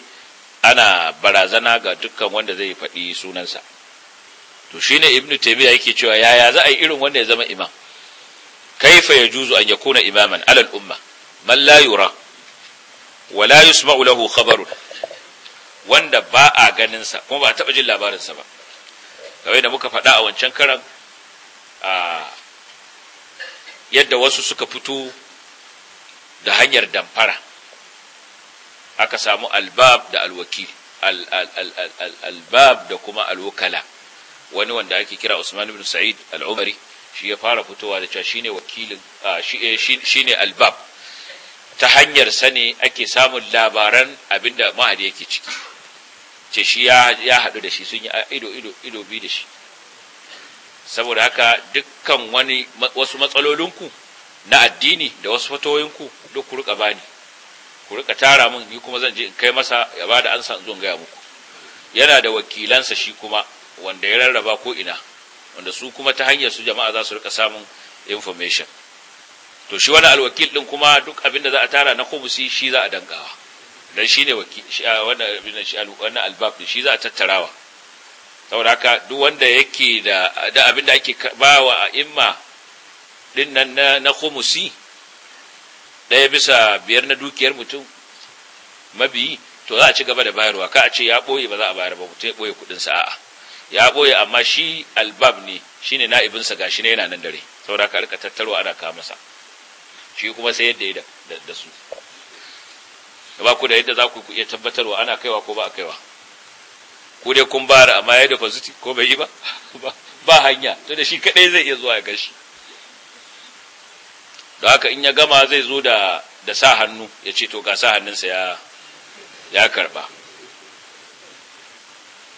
ana barazana ga dukkan wanda zai faɗi sunansa to shine ibnu taymiya yake cewa yaya za a yi irin wanda ya zama imam kaifa yajuzu an yakuna imaman alal umma man la yura wa la wanda ba a ganinsa kuma ba a taɓa jin labarinsa ba kawai da muka faɗa a wancan karan a yadda wasu suka fito da hanyar damfara aka samu albab da alwakil albab da kuma alwukala wani wanda ake kira Usman ibn Sa'id al shi ya fara fitowa da cewa shine wakilin eh, shine albab ta hanyar sani ake samun labaran abinda mahadi yake ciki ce shi ya haɗu da shi sun yi ido ido ido bi da shi saboda haka dukkan wani wasu matsalolinku na addini da wasu fatoyinku duk ku rika bani ku rika tara min ni kuma zan je in kai masa ya bada ansa in zo gaya muku yana da wakilansa shi kuma wanda ya rarraba ko ina wanda su kuma ta hanyar su jama'a za su rika samun information to shi wani alwakil din kuma duk abin da za a tara na kubusi shi za a dangawa dan shi wannan albab din shi za a tattarawa saboda haka duk wanda yake da abin da ake bawa a imma din nan na kumusi ɗaya bisa biyar na dukiyar mutum mabiyi to za a ci gaba da bayarwa ka a ce ya boye ba za a bayar ba mutum ya ɓoye kuɗinsa a'a ya boye amma shi albab ne Shi ne na'ibinsa, ga shi ne yana nan dare saboda ka rika tattaro ana kawo masa shi kuma sai yadda ya da su ba ku da yadda za ku iya tabbatarwa ana kaiwa ko ba a kaiwa ku dai kun bara amma ya dafa zuti ko bai yi ba ba hanya to da shi kadai zai iya zuwa ya gashi da haka in ya gama zai zo da da sa hannu ya ce to ga sa hannunsa ya ya karba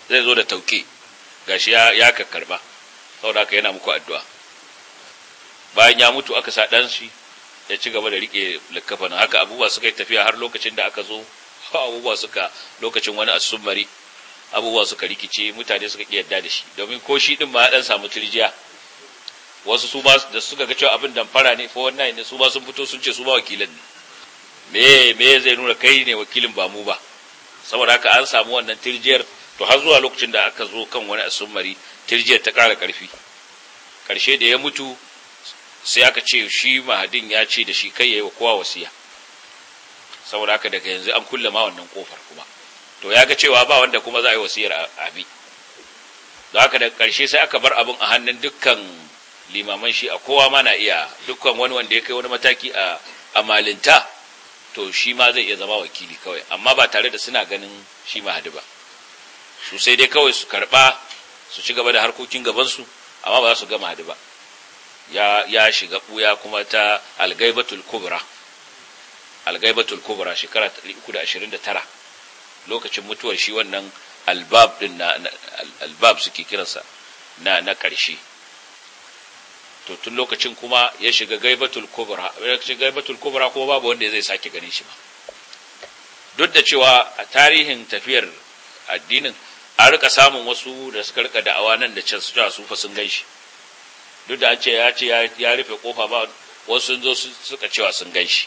zai zo da tauke gashi ya ya kakkarba saboda haka yana muku addu'a bayan ya mutu aka sa dan shi ya ci gaba da rike nan, haka abubuwa suka yi tafiya har lokacin da aka zo abubuwa suka lokacin wani asummari abubuwa suka rikice mutane suka ki yadda da shi domin ko shi din ma ya dan samu turjiya wasu su ba da suka ga cewa abin damfara ne fa wannan ne su ba sun fito sun ce su ba wakilan ne me me zai nuna kai ne wakilin ba mu ba saboda haka an samu wannan turjiyar. to har zuwa lokacin da aka zo kan wani asummari tirjiyar ta ƙara ƙarfi ƙarshe da ya mutu sai aka ce shi mahadin ya ce da shi kai ya yi wa kowa wasiya saboda haka daga yanzu an kulle ma wannan kofar kuma to ya ga cewa ba wanda kuma za a yi wasiyar abi da haka da ƙarshe sai aka bar abin a hannun dukkan limaman shi a kowa ma na iya dukkan wani wanda ya kai wani mataki a amalinta to shi ma zai iya zama wakili kawai amma ba tare da suna ganin shi mahadi ba su sai dai kawai su karɓa su ci gaba da harkokin gabansu amma ba za su gama hadu ba ya shiga buya kuma ta algaibatul kubra algaibatul kubra shekara 329 lokacin mutuwar shi wannan albab din na albab suke kiransa na na ƙarshe to tun lokacin kuma ya shiga gaibatul kubra lokacin gaibatul kubra kuma babu wanda zai sake ganin shi ba duk da cewa a tarihin tafiyar addinin a rika samun wasu da suka rika da'awa nan da can su su fa sun ganshi duk da an ce ya ce ya rufe kofa ba wasu sun zo suka cewa sun ganshi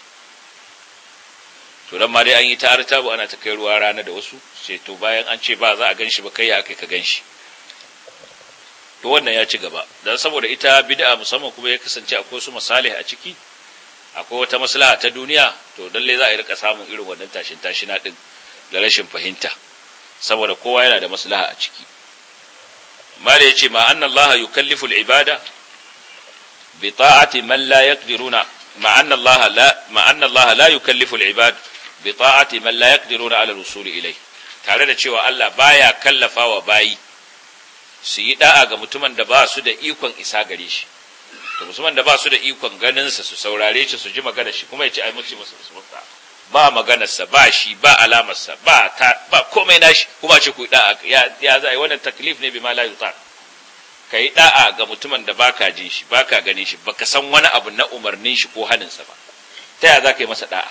to dan ma dai an yi ta ba ana ta kai ruwa rana da wasu sai to bayan an ce ba za a ganshi ba kai ya kai ka ganshi to wannan ya ci gaba dan saboda ita bid'a musamman kuma ya kasance akwai su masalih a ciki akwai wata maslaha ta duniya to dalle za a rika samun irin wannan tashin tashina din da rashin fahimta saboda kowa yana da maslaha a ciki mala yace ma anna Allah yukallifu al-ibada bi ta'ati man la yaqdiruna ma anna Allah la ma anna Allah la yukallifu al bi ta'ati man la yaqdiruna ala al-wusul tare da cewa Allah baya kallafawa bayi su yi da'a ga mutumin da ba su da ikon isa gare shi to musamman da ba su da ikon ganinsa su saurare shi su ji magana shi kuma ya ce ai musu musu musu ba maganarsa ba shi ba alamarsa ba ta ba komai nashi kuma ce ku da'a ya ya za yi wannan taklif ne bi ma la yuta kai da'a ga mutumin da baka jin shi baka ganin shi baka san wani abu na umarnin shi ko haninsa ba ta ya za ka yi masa da'a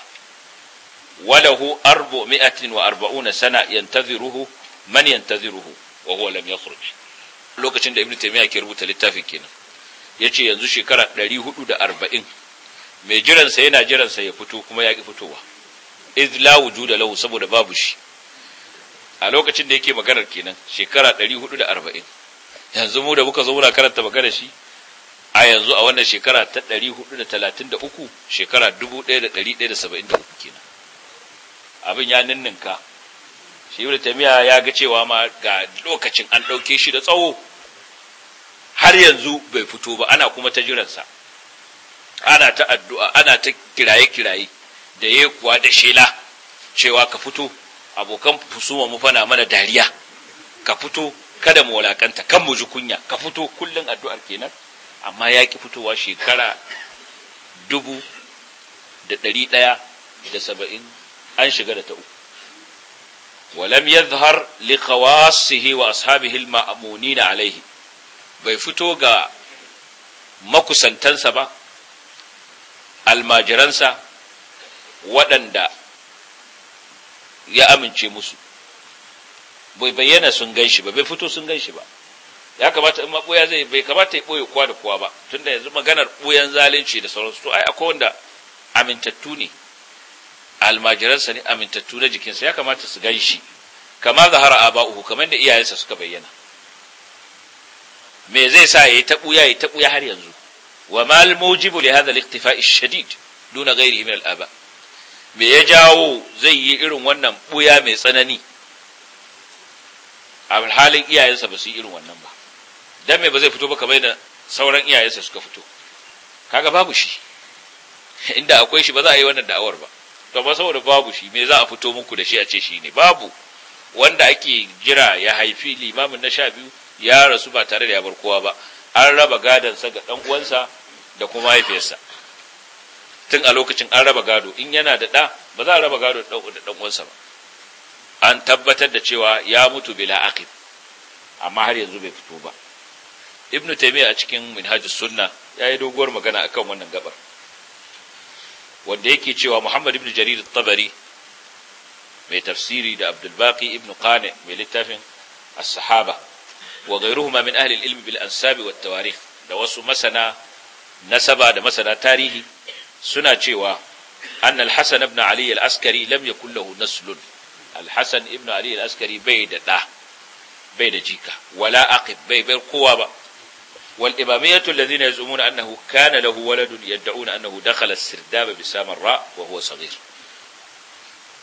walahu arbu mi'atin wa arba'una sana yantaziruhu man yantaziruhu wa huwa lam yakhruj lokacin da ibnu taymiya ke rubuta littafin kenan yace yanzu shekara 440 mai jiransa yana jiransa ya fito kuma ya ki fitowa iz la wujuda lahu saboda babu shi a lokacin da yake maganar kenan shekara 440 yanzu mu da muka zo muna karanta magana shi a yanzu a wannan shekara ta 433 shekara 1173 kenan abin ya ninninka shi ibnu tamiya ya ga cewa ma ga lokacin an dauke shi da tsawo har yanzu bai fito ba ana kuma ta jiransa ana ta addu'a ana ta kiraye kiraye da ya kuwa da shela cewa ka fito abokan fusuma mu fana mana dariya ka fito kada mu walakanta kan mu ji kunya ka fito kullun addu'ar kenan amma ya ki fitowa shekara dubu da ɗari ɗaya da saba'in an shiga da ta uku ولم يظهر لخواصه واصحابه المامونين alaihi bai fito ga makusantansa ba almajiransa waɗanda ya amince musu bai bayyana sun gan shi ba bai fito sun gan shi ba ya kamata in maɓoya zai bai kamata ya ɓoye kowa da kowa ba tunda yanzu maganar ɓoyan zalunci da sauransu to ai akwai wanda amintattu ne almajiransa ne amintattu na jikinsa ya kamata su gan shi kama a ba'uhu kamar da iyayensa suka bayyana me zai sa yayi ta ɓuya yayi ta ɓuya har yanzu wa mal mujibu li hadha al ash-shadid duna ghayrihi min al me ya jawo zai yi irin wannan buya mai tsanani a halin iyayensa ba su yi irin wannan ba Don me ba zai fito ba kamar da sauran iyayensa suka fito kaga babu shi inda akwai shi ba za a yi wannan da'awar ba to ba saboda babu shi me za a fito muku da shi a ce shi ne babu wanda ake jira ya haifi limamin na sha biyu ya rasu ba tare da ya bar kowa ba an raba gadonsa ga ɗan uwansa da kuma haifiyarsa. tun a lokacin an raba gado in yana da ɗa ba za a raba gado da ɗan uwansa ba an tabbatar da cewa ya mutu bila aqib amma har yanzu bai fito ba ibnu taymiya a cikin minhajus sunna yi doguwar magana akan wannan gabar wanda yake cewa muhammad ibnu jarir tabari mai tafsiri da abdulbaki ibnu qani mai littafin as-sahaba wa ghayruhuma min ahli al-ilm bil ansabi wat tawarikh da wasu masana nasaba da masana tarihi suna cewa an AlHassan ibn ali askari lam ya lahu naslun al-hasan ibn ali al-askari bai da ɗa, bai da jika wala aqib bai bai kowa ba wal imamiyatu alladhina yazumuna annahu kana lahu waladun yad'una annahu dakhala as-sirdaba bi samarra wa huwa saghir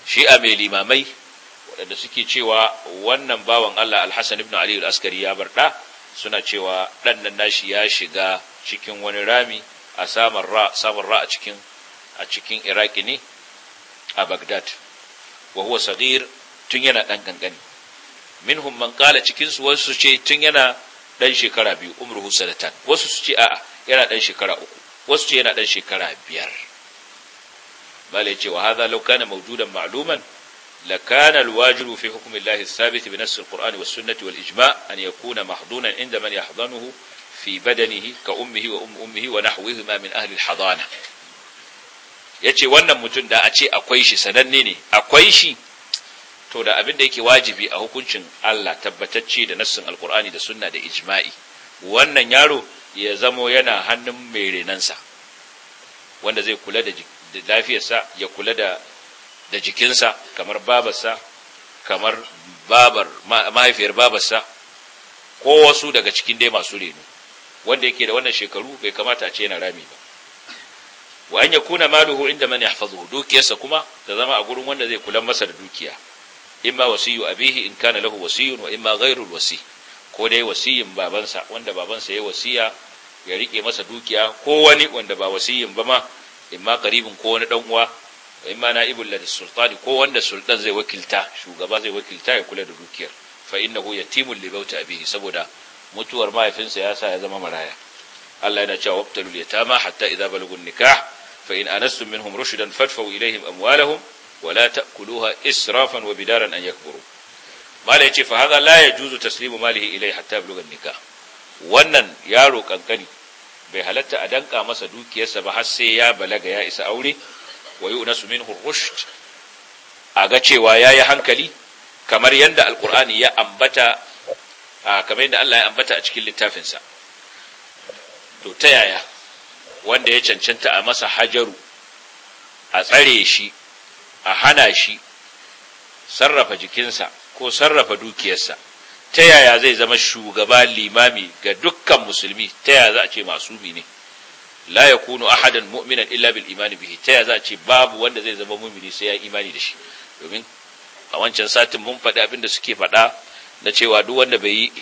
shi mai limamai waɗanda suke cewa wannan bawan Allah AlHassan ibn ali al-askari ya ɗa, suna cewa ɗan nan nashi ya shiga cikin wani rami a samun ra samun ra a cikin a cikin iraki ne a bagdad wa huwa sagir tun yana dan gangani minhum man qala cikin su wasu ce tun yana dan shekara biyu umruhu sadatan wasu su ce a'a yana dan shekara uku wasu ce yana dan shekara biyar malai ce wa hadha law kana mawjudan ma'luman لكان الواجب في حكم الله الثابت بنص القرآن والسنة والإجماع أن يكون محضونا عند من يحضنه في بدنه كأمه وأم أمه ونحوهما من أهل الحضانة yace wannan mutum da a ce akwai shi sananne ne akwai shi to da abin da yake wajibi a hukuncin Allah tabbatacce da nassin alkur'ani da sunna da ijma'i wannan yaro ya zamo yana hannun mai renansa wanda zai kula da lafiyarsa ya kula da jikinsa kamar babarsa kamar babar mahaifiyar babarsa ko wasu daga cikin dai masu reno wanda yake da wannan shekaru bai kamata a ce yana rami ba wa an yakuna maluhu inda man yahfazuhu dukiyarsa kuma ta zama a gurin wanda zai kula masa da dukiya imma wasiyu abihi in kana lahu wasiyun wa imma ghayrul wasi ko dai wasiyin babansa wanda babansa ya wasiya ya rike masa dukiya ko wani wanda ba wasiyin ba ma imma qaribin ko wani dan uwa imma na'ibul ladhi sultani ko wanda sultan zai wakilta shugaba zai wakilta ya kula da dukiyar fa innahu timu li a abihi saboda mutuwar mahaifinsa ya sa ya zama maraya Allah yana cewa wabtalul yatama hatta idza balagun nikah fa in anastum minhum rushdan fadfa'u ilayhim amwalahum wa la ta'kuluha israfan wa bidaran an yakburu mala yace fa hadha la yajuzu taslimu malihi ilayhi hatta balagun nikah wannan yaro kankani bai halatta a danka masa dukiyarsa ba har sai ya balaga ya isa aure wa yunasu minhu rushd a ga cewa yayi hankali kamar yadda alkur'ani ya ambata kamar yadda Allah ya ambata a cikin littafinsa to ta yaya wanda ya cancanta a masa hajaru a tsare shi a hana shi sarrafa jikinsa ko sarrafa dukiyarsa ta yaya zai zama shugaba limami ga dukkan musulmi ta yaya za a ce masumi ne la a ahadan mu'minan illa bil imani bihi ta yaya za a ce babu wanda zai zama mu'mini sai ya imani da shi domin a wancan satin mun faɗi abin da suke faɗa na cewa duk wanda bai yi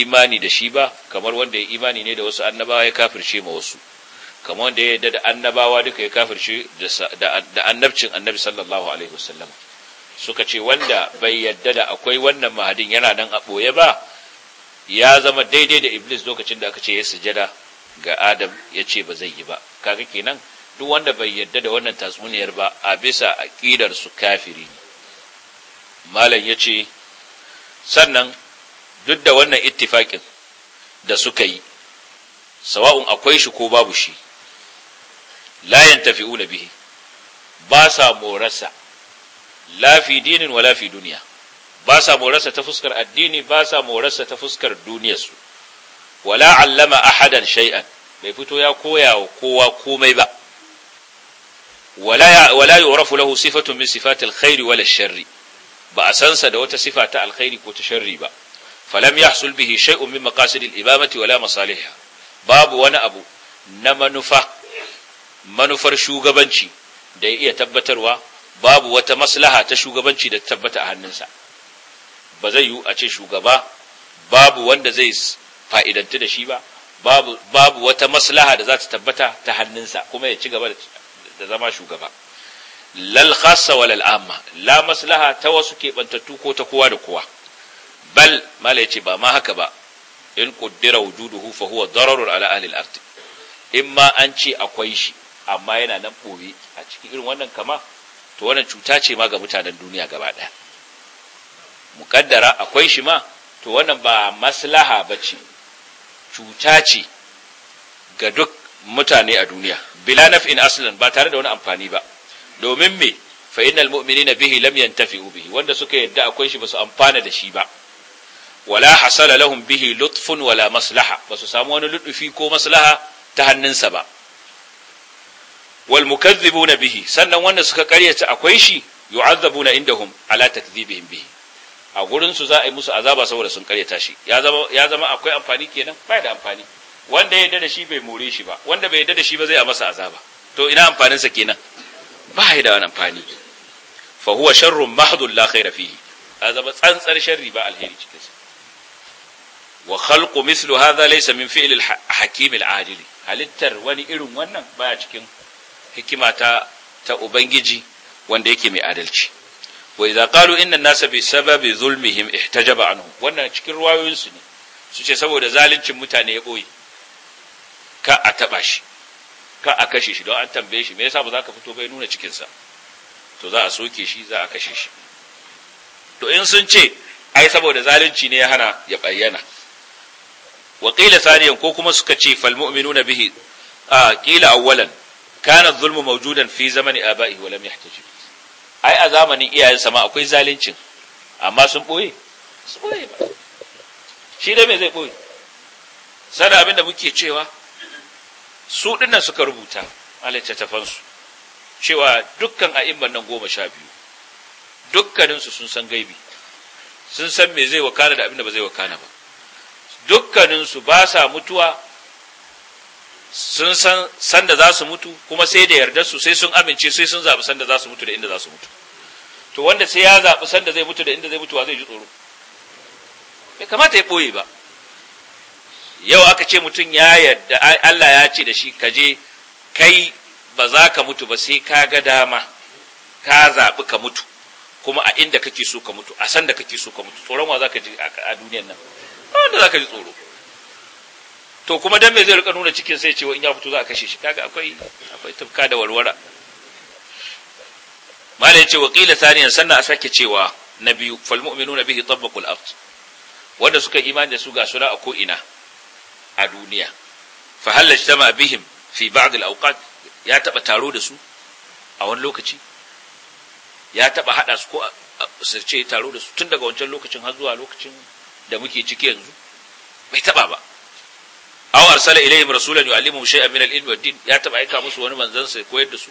imani da shi ba kamar wanda ya imani ne da wasu annabawa ya kafirce ma wasu kamar wanda ya yarda da annabawa duka ya kafirce da annabcin annabi sallallahu alaihi wasallam suka ce wanda bai yarda da akwai wannan mahadin yana nan a boye ba ya zama daidai da iblis lokacin da aka ce ya sujada ga adam ya ce ba zai yi ba kaga kenan duk wanda bai yarda da wannan tatsuniyar ba a bisa aqidar su kafiri ne malam yace sannan duk da wannan ittifaƙin da suka yi sawa'un akwai shi ko babu shi layan una bihi ba sa morasa. lafi dinin wa lafi duniya ba sa morasa ta fuskar addini ba sa morasa ta fuskar duniyarsu wala allama ahadan shay'an bai fito ya koya wa kowa komai ba wala wala yurafu lahu sifatun min sifatil khairi wala sharri ba a sansa da wata sifa ta alkhairi ko ta sharri ba falam yahsul bihi shay'un min maqasid al-imamati wala masaliha babu wani abu na manufa manufar shugabanci da ya iya tabbatarwa babu wata maslaha ta shugabanci da tabbata a hannunsa ba zai yiwu a ce shugaba babu wanda zai fa'idantu da shi ba babu wata maslaha da za ta tabbata ta hannunsa kuma ya ci gaba da zama shugaba lal wa wal amma la maslaha ta wasu keɓantattu ko ta kowa da kowa bal mala ce ba ma haka ba in ƙuddira wujuduhu fa huwa dararun ala ahli al ard in ma an ce akwai shi amma yana nan boye a cikin irin wannan kama to wannan cuta ce ma ga mutanen duniya gaba ɗaya. muqaddara akwai shi ma to wannan ba maslaha bace cuta ce ga duk mutane a duniya bila naf'in aslan ba tare da wani amfani ba domin me fa innal mu'minina bihi lam yantafi'u bihi wanda suka yadda akwai shi basu amfana da shi ba wala hasala lahum bihi lutfun wala maslaha basu samu wani lutufi ko maslaha ta hannunsa ba wal mukazzibuna bihi sannan wanda suka karyata akwai shi yu'azzabuna indahum ala takdhibihim bihi a gurin su za a yi musu azaba saboda sun karyata shi ya zama ya zama akwai amfani kenan bai da amfani wanda ya yarda da shi bai more shi ba wanda bai yarda da shi ba zai a masa azaba to ina amfanin sa kenan ba ya da wani amfani fa huwa sharrun mahdun la khaira fihi ya zama tsantsar sharri ba alheri cikin sa wa khalqu mislu hadha laysa min fi'l al-hakim al-adil halittar wani irin wannan baya cikin hikima ta ta ubangiji wanda yake mai adalci wa idza qalu inna an-nasa bi sababi zulmihim ihtajaba anhu wannan cikin ruwayoyin su ne su ce saboda zaluncin mutane ya boye ka a taba shi ka a kashe shi don an tambaye shi me yasa ba za ka fito bai nuna cikinsa to za a soke shi za a kashe shi to in sun ce ai saboda zalunci ne ya hana ya bayyana wa qila saniyan ko kuma suka ce fal mu'minuna bihi a qila awwalan kana adh-dhulmu mawjudan fi zamani aba'ihi wa lam yahtajib ai a zamanin iyayensa ma akwai zaluncin amma sun boye su boye ba shi dai me zai boye sana abinda muke cewa su dinnan suka rubuta a littattafansu cewa dukkan a'imman nan goma sha biyu dukkaninsu sun san gaibi sun san me zai wakana da abin da ba zai wakana ba dukkaninsu ba sa mutuwa sun san sanda za su mutu kuma sai da yarda su sai sun amince sai sun zaɓi sanda za su mutu da inda za su mutu to wanda sai ya zaɓi sanda zai mutu da inda zai mutu wa zai ji tsoro bai kamata ya ɓoye ba yau aka ce mutum ya yadda Allah ya ce da shi kaje kai ba za ka mutu ba sai ka ga dama ka zaɓi ka mutu kuma a inda kake so ka mutu a san da kake so ka mutu tsoron wa za ka ji a duniyan nan wanda za ka ji tsoro to kuma dan me zai rika nuna cikin sai cewa in ya fito za a kashe shi kaga akwai akwai tafka da warwara malai ce wakila saniyan sannan a sake cewa na biyu fal mu'minuna bihi tabbaqul ard wanda suka imani da su ga sura a ko ina a duniya fa hal ijtama bihim fi ba'd al awqat ya taba taro da su a wani lokaci ya taba hada su ko su ce taro da su tun daga wancan lokacin har zuwa lokacin da muke ciki yanzu bai taba ba aw arsala ilayhim rasulan yu'allimuhum shay'an min al-ilmi wad-din ya taba aika musu wani manzon sai koyar da su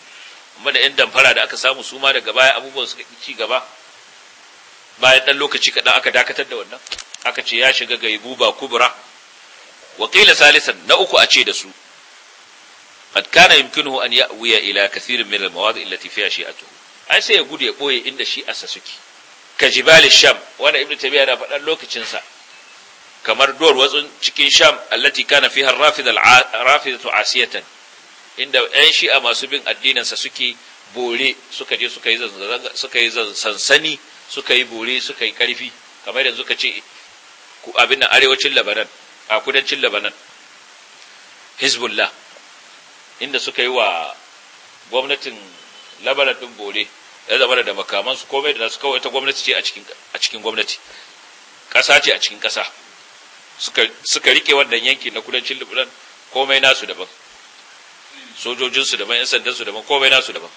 amma da yan damfara da aka samu su ma daga baya abubuwan suka ci gaba bayan dan lokaci kadan aka dakatar da wannan aka ce ya shiga gaibu ba kubra wa salisan na uku a ce da su qad kana yumkinuhu an ya'wiya ila kathirin min al-mawadi' allati fiha shi'atuhu ai sai ya gudu ya boye inda shi'arsa suke ka jibal sham wanda ibnu tabiya na faɗan lokacin sa kamar duwar watsun cikin sham allati kana fiha ar-rafid al-rafidatu asiyatan inda ɗan shi'a masu bin addininsa suke bore suka je suka yi suka yi sansani suka yi bore suka yi ƙarfi kamar yanzu ka ce abin nan arewacin labanan a kudancin Lebanon Hezbollah inda suka yi wa gwamnatin Lebanon din bore ya zama da makamansu komai da nasu kawai ta gwamnati ce a cikin gwamnati ƙasa ce a cikin ƙasa suka rike wannan yanki na kudancin Lebanon komai nasu daban sojojinsu daban 'yan sandansu daban komai nasu daban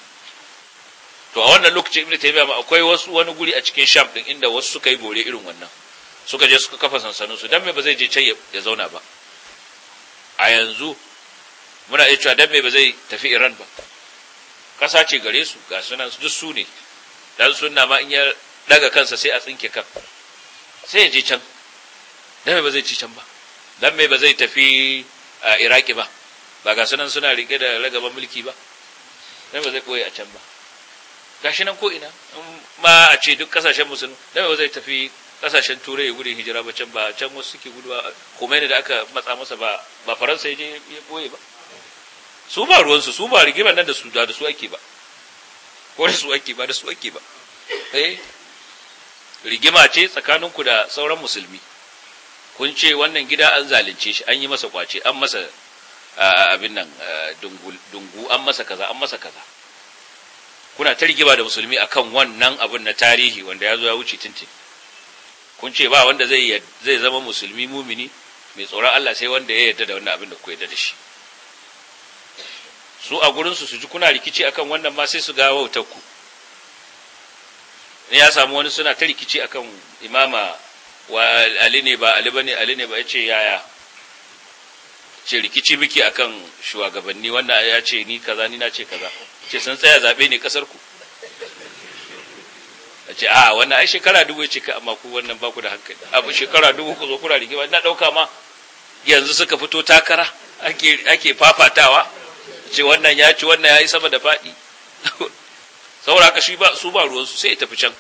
to a wannan lokacin ibn taymiya akwai wasu wani guri a cikin sham din inda wasu suka yi bore irin wannan suka je suka kafa sansanin su dan me ba zai je can ya zauna ba a yanzu muna iya cewa dan me ba zai tafi Iran ba kasa ce gare su ga sunan duk su ne dan sunna ma in ya daga kansa sai a tsinke kan sai ya je can dan me ba zai ci can ba dan me ba zai tafi a Iraki ba ba ga sunan suna rike da ragaban mulki ba dan ba zai koyi a can ba gashi nan ko ina ma a ce duk kasashen musulmi dan ba zai tafi kasashen turai gudun hijira ba can ba can wasu suke guduwa ne da aka matsa masa ba ba Faransa ya je ya boye ba su ba ruwansu su ba rigimar nan da su da su ake ba ko da su ake ba da su ake ba eh rigima ce tsakaninku da sauran musulmi kun ce wannan gida an zalunce shi an yi masa kwace an masa abin nan dungu an masa kaza an masa kaza kuna ta rigima da musulmi akan wannan abin na tarihi wanda ya zo ya wuce tintin kun ce ba wanda zai zai zama musulmi mumini mai tsoron Allah sai wanda ya yarda da wannan abin da ku yarda da shi su a gurin su su ji kuna rikici akan wannan ma sai su ga wautar ku ne ya samu wani suna ta rikici akan imama wa ali ne ba ali bane ali ne ba yace yaya ce rikici miki akan shugabanni wannan ya ce ni kaza ni na ce kaza ce sun tsaya zabe ne kasar ku ce a ah, wannan ai shekara dubu ya ce ka, amma ku wannan ba ku da hankali abu shekara dubu ku zo kura rigima na ɗauka ma yanzu suka fito takara ake fafatawa ce wannan ya ci wannan ya yi sama da faɗi saboda haka shi ba su ba ruwansu sai ya tafi can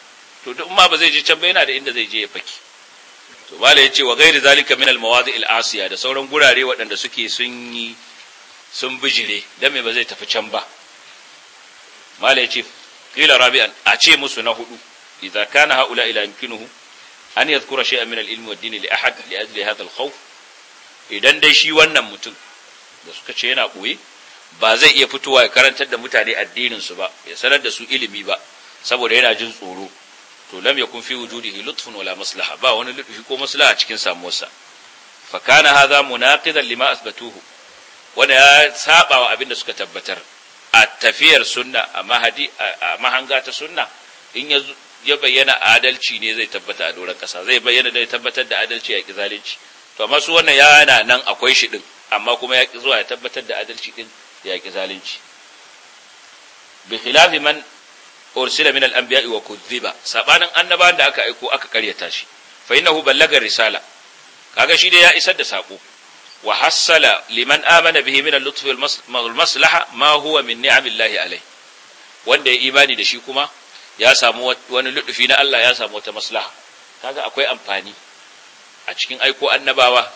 to duk ma ba zai je can ba yana da inda zai je ya faki to bala ya ce wa gairi zalika min almawadi alasiya da sauran gurare waɗanda suke sun yi sun bijire dan me ba zai tafi can ba mala ya ce qila rabi'an a ce musu na hudu إذا كان هؤلاء لا يمكنه أن يذكر شيئا من العلم والدين لأحد لأجل هذا الخوف idan dai shi wannan mutum da suka ce yana ɓoye ba zai iya fitowa ya karantar da mutane addininsu ba ya sanar da su ilimi ba saboda yana jin tsoro to lam yakun fi wujudihi lutfun wala maslaha ba wani lutfi ko maslaha cikin samuwarsa fa kana hadha munaqidan lima asbatuhu wanda ya saba wa abin da suka tabbatar a tafiyar sunna a mahadi a mahanga ta sunna in ya ya bayyana adalci ne zai tabbata a doron ƙasa zai bayyana da ya tabbatar da adalci ya ƙi zalunci to masu wannan ya yana nan akwai shi ɗin amma kuma ya ƙi zuwa ya tabbatar da adalci ɗin ya ƙi zalunci bi khilafi man ursila min al-anbiya'i wa kudhiba sabanin annabawan da aka aiko aka karyata shi fa innahu ballaga risala kaga shi dai ya isar da sako wa hassala liman amana bihi min al-lutfi wal maslaha ma huwa min ni'amillahi alayhi wanda ya imani da shi kuma ya samu wani ludufi na Allah ya samu wata maslaha kaga akwai amfani a cikin aiko annabawa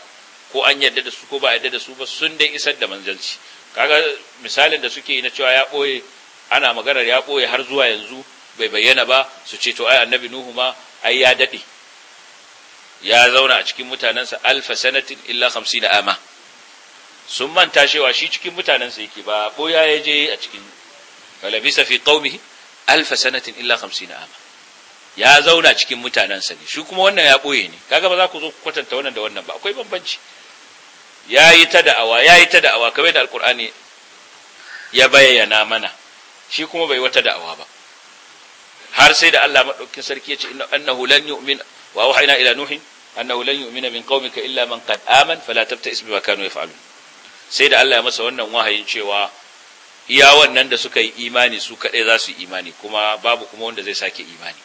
ko an yarda da su ko ba yarda da su ba sun dai isar da manzalci kaga misalin da suke yi na cewa ya boye ana maganar ya boye har zuwa yanzu bai bayyana ba su ce to ai annabi nuhu ma ai ya dade ya zauna a cikin mutanensa alfa sanatin illa 50 ama sun manta cewa shi cikin mutanensa yake ba boya ya je a cikin falabisa fi qaumihi alfa sanatin illa 50 ama ya zauna cikin mutanensa ne shi kuma wannan ya boye ne kaga ba za ku zo ku kwatanta wannan da wannan ba akwai bambanci yayi ta da'awa yayi ta da'awa kamar da alqur'ani ya bayyana mana shi kuma bai wata da'awa ba har sai da Allah madaukakin sarki ya ce annahu lan yu'min wa wahayna ila nuhin annahu lan yu'mina min qaumika illa man qad aman fala tabta'is bima kanu yaf'alun sai da Allah ya masa wannan wahayin cewa iya wannan da suka yi imani su kaɗai za su yi imani kuma babu kuma wanda zai sake imani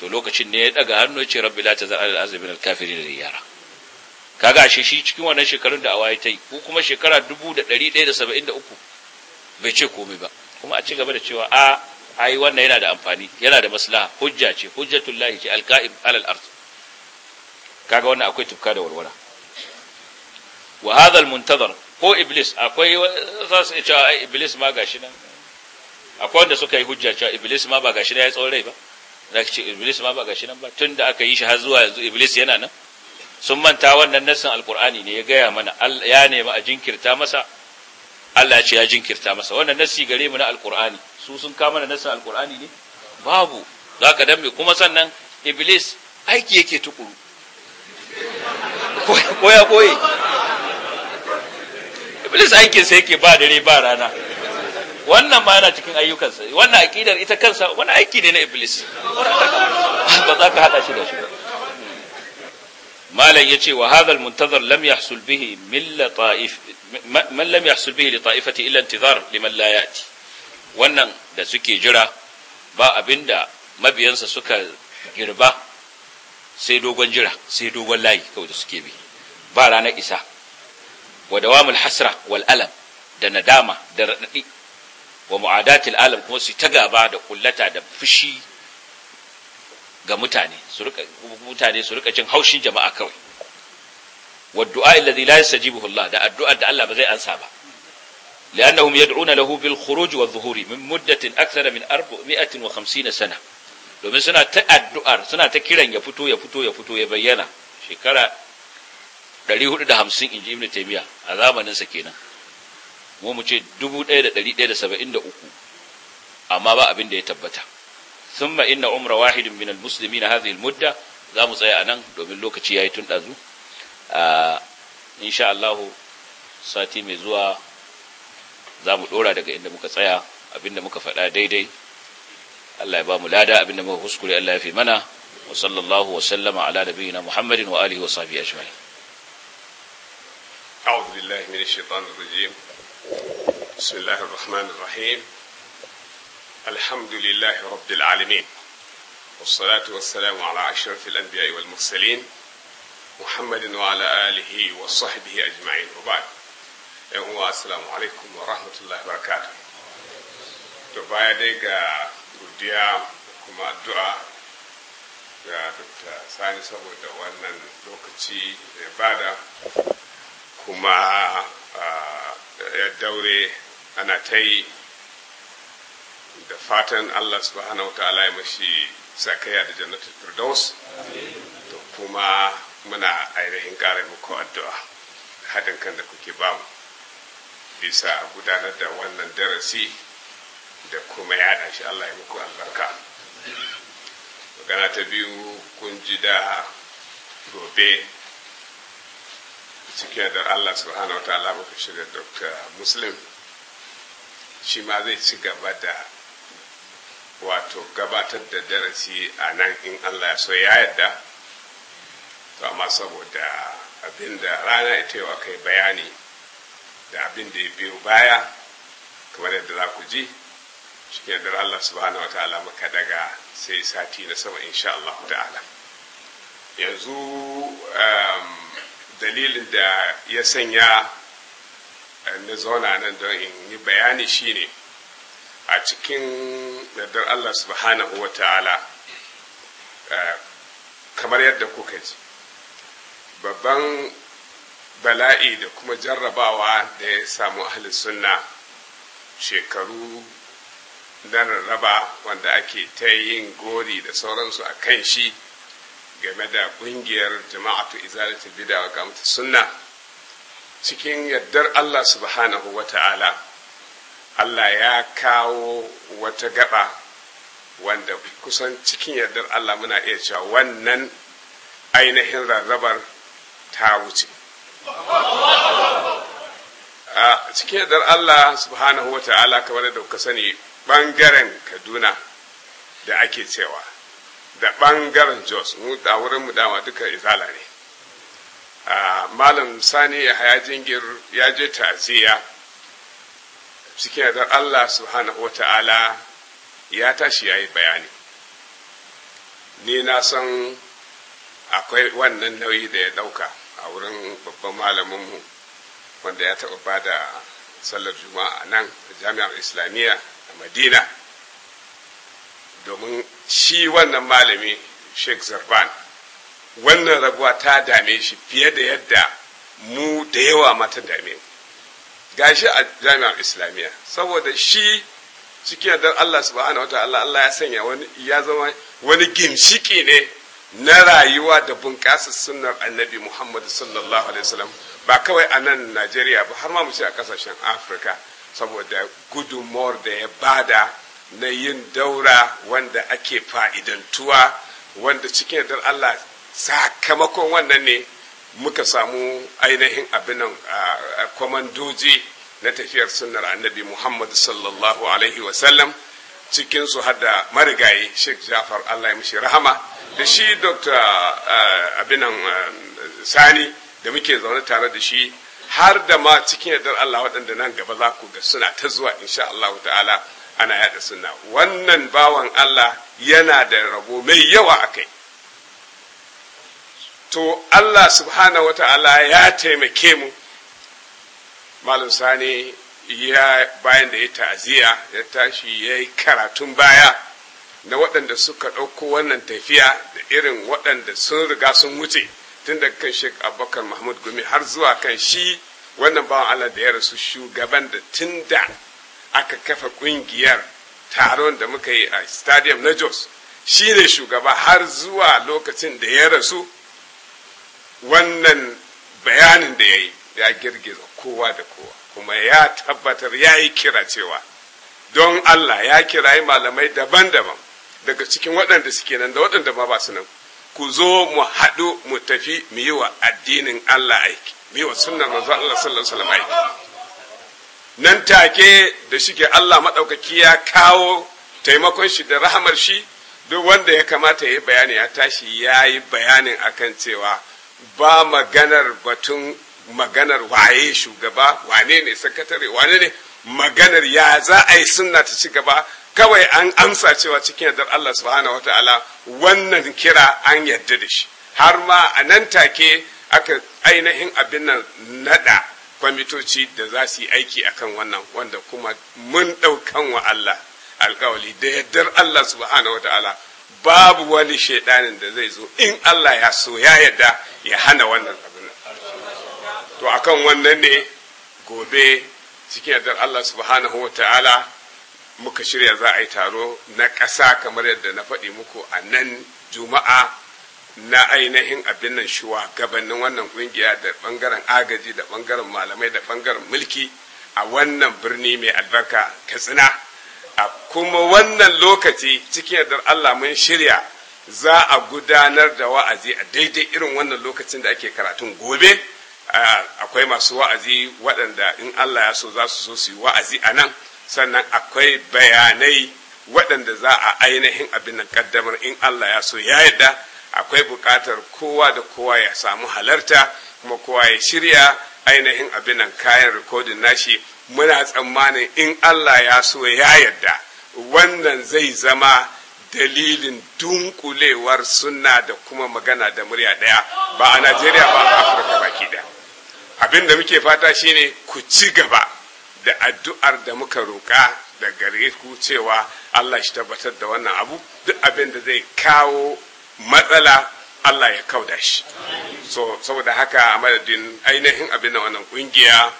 to lokacin ne ya daga hannu ya ce rabbi la tazar alal ardi min al-kafirin diyara kaga ashe shi cikin wannan shekarun da awaye ta yi ko kuma shekara 1173 bai ce komai ba kuma a ci gaba da cewa a ai wannan yana da amfani yana da maslaha hujja ce hujjatullahi ce alqa'im alal ard kaga wannan akwai tufka da walwala wa hadha al-muntazar ko iblis akwai za su cewa ai iblis ma gashi nan akwai wanda suka yi hujja cewa iblis ma ba gashi nan ya tsawon rai ba za ce iblis ma ba gashi nan ba tun da aka yi shi har zuwa yanzu iblis yana nan sun manta wannan nassin alkur'ani ne ya gaya mana ya nemi a jinkirta masa Allah ya ce ya jinkirta masa wannan nassi gare mu na alkur'ani su sun kama mana nassin alkur'ani ne babu za ka dambe kuma sannan iblis aiki yake tukuru koya koyi. iblis aikinsa yake ba dare ba rana wannan ma yana cikin ayyukansa wannan aqidar ita kansa wani aiki ne na iblis ba za ka hada shi da shi malam yace wa hadha al muntazar lam yahsul bihi milla ta'if man lam yahsul bihi li ta'ifati illa intizar liman la yati wannan da suke jira ba abinda mabiyansa suka girba sai dogon jira sai dogon layi kawai da suke bi ba ranar isa wa dawamul hasra wal alam da nadama da radadi wa mu'adatil alam kuma su ta gaba da kullata da fushi ga mutane su rika mutane su rika cin haushin jama'a kawai wa du'a alladhi la yastajibuhu Allah da addu'a da Allah ba zai ansa ba لأنهم يدعون له بالخروج والظهور من مدة أكثر من 450 سنة domin suna ta addu'ar suna ta kiran ya fito ya fito ya fito ya bayyana shekara 450 inji ibnu taymiya a zamanin sa kenan mu mu ce uku, amma ba abin da ya tabbata thumma inna umra wahidin min na hadhihi mudda, za mu tsaya anan domin lokaci ya yi tun dazu insha sati mai zuwa za mu ɗora daga inda muka tsaya abinda muka faɗa daidai Allah ya ba mu lada abinda muka huskure Allah ya fi mana wa sallallahu wa sallama ala nabiyyina Muhammadin wa alihi wa sahbihi ajma'in أعوذ بالله من الشيطان الرجيم بسم الله الرحمن الرحيم الحمد لله رب العالمين والصلاة والسلام على أشرف الأنبياء والمرسلين محمد وعلى آله وصحبه أجمعين وبعد السلام عليكم ورحمة الله وبركاته to baya dai ga godiya kuma addu'a ga kuma ya daure ana ta yi da fatan Allah subhanahu ta'ala ya mashi sakaya da jannatul firdaus to kuma muna ainihin ƙara muku addu'a haɗin kan da kuke ba mu bisa gudanar da wannan darasi da kuma yaɗa shi Allah ya muku albarka magana ta biyu kun ji da gobe cike da Allah subhanahu ba muka shirya Dr. Muslim shi ma zai ci gaba da wato gabatar da darasi a nan in Allah ya so ya yadda to amma saboda abinda rana ita yau kai bayani da abin da ya biyo baya kamar yadda za ku ji shi da Allah subhanahu ta'ala muka daga sai sati na sama insha Allah ta'ala yanzu um, dalilin da ya sanya eh, na zauna nan don in yi bayani shi ne, a cikin yardar Allah subhanahu wa ta'ala eh, kamar yadda kuka ji babban bala'i da kuma jarrabawa da ya samu ahli sunna shekaru na raba wanda ake ta yin gori da sauransu a kan shi game da kungiyar jama'atu izalatul bid'a wa kamata sunna cikin yaddar Allah subhanahu wa ta'ala Allah ya kawo wata gaba wanda kusan cikin yaddar Allah muna iya cewa wannan ainihin rarrabar ta wuce cikin yaddar Allah subhanahu wa ta'ala kamar da kuka sani ɓangaren Kaduna da ake cewa da ɓangaren jos mu a wurin mu dama duka izala ne malam sani ya jingir ya je taziya cikin yadar allah subhanahu wa ta'ala ya tashi ya yi bayani ni na san akwai wannan nauyi da ya ɗauka a wurin babban malaminmu wanda ya taɓa ba da sallar juma'a nan jami'ar islamiyya a madina domin shi wannan malami sheikh zarban wannan rabuwa ta dame shi fiye da yadda mu da yawa mata dame gashi a jami'ar islamiyya saboda shi cikin yadda allah subhanahu wa ta'ala allah ya sanya wani ya zama wani gimshiki ne na rayuwa da bunƙasa sunnar annabi muhammadu sallallahu alaihi wasallam ba kawai a nan najeriya ba har ma mu ce a kasashen afirka saboda gudunmawar da ya bada na yin daura wanda ake fa'idantuwa wanda cikin yardar Allah sakamakon wannan ne muka samu ainihin abinan kwamandoji na tafiyar sunnar annabi Muhammad sallallahu Alaihi wasallam cikinsu hada marigayi Sheikh Jafar Allah ya mishi rahama da shi Dr. abinan Sani da muke zaune tare da shi har da ma cikin yardar Allah waɗanda nan gaba za ku ga suna ta zuwa insha Allah ta'ala. ana yada suna wannan bawan Allah yana da rabo mai yawa a kai to Allah subhanahu wata'ala ya taimake mu malam sani ya bayan da ya ta'aziya ya tashi ya yi karatun baya na waɗanda suka ɗauko wannan tafiya da irin waɗanda sun riga sun wuce tun daga kan shek Abubakar Mahmud Gumi har zuwa kan shi wannan bawan Allah da ya rasu shugaban da tun da aka kafa kungiyar taron da muka yi a stadium na jos shi ne shugaba har zuwa lokacin da ya rasu wannan bayanin da ya yi ya girgiza kowa da kowa kuma ya tabbatar ya yi kira cewa don allah ya yi malamai daban-daban daga cikin waɗanda suke nan da waɗanda ma ba su nan ku zo mu haɗu mu tafi mu yi wa addinin allah aiki mu yi wa sunan allah sallallahu alaihi wasallam aiki nan take da shige Allah maɗaukaki ya kawo taimakon shi da rahamar shi duk wanda ya kamata ya bayani ya tashi ya yi bayanin akan cewa ba maganar batun maganar waye shugaba wane ne sakatare wane ne maganar ya za a yi sunna ta ci gaba kawai an amsa cewa cikin yardar Allah subhanahu wataala wannan kira an yarda da shi har ma a nan take aka ainihin abin nan naɗa. kwamitoci da za su yi aiki a kan wannan wanda kuma mun ɗaukan wa Allah alkawali da yardar Allah subhanahu wa ta'ala babu wani shaidanin da zai zo in Allah ya so ya yarda ya hana wannan abin to akan wannan ne gobe cikin yardar Allah subhanahu wa ta'ala muka shirya za a yi taro na ƙasa kamar yadda na faɗi muku a nan juma'a na ainihin abin nan shuwa gabanin wannan kungiya da bangaren agaji da bangaren malamai da bangaren mulki a wannan birni mai albarka katsina a kuma wannan lokaci cikin yardar Allah mun shirya za a gudanar da wa'azi a daidai irin wannan lokacin da ake karatun gobe akwai masu wa'azi waɗanda in Allah ya so za su so su yi wa'azi a nan sannan akwai bayanai waɗanda za a ainihin abin nan kaddamar in Allah ya so ya yadda. akwai buƙatar kowa da kowa ya samu halarta kuma kowa ya shirya ainihin abin kayan rikodin nashi muna tsammanin in Allah ya so ya yarda wannan zai zama dalilin dunkulewar sunna da kuma magana da murya ɗaya ba a Najeriya ba a Afirka baki da abin da muke fata shine ku ci gaba da addu'ar da muka roƙa da gare ku cewa Allah shi tabbatar da wannan abu duk abin da zai kawo matsala Allah ya kauda shi so saboda haka a madadin ainihin abin da wannan kungiya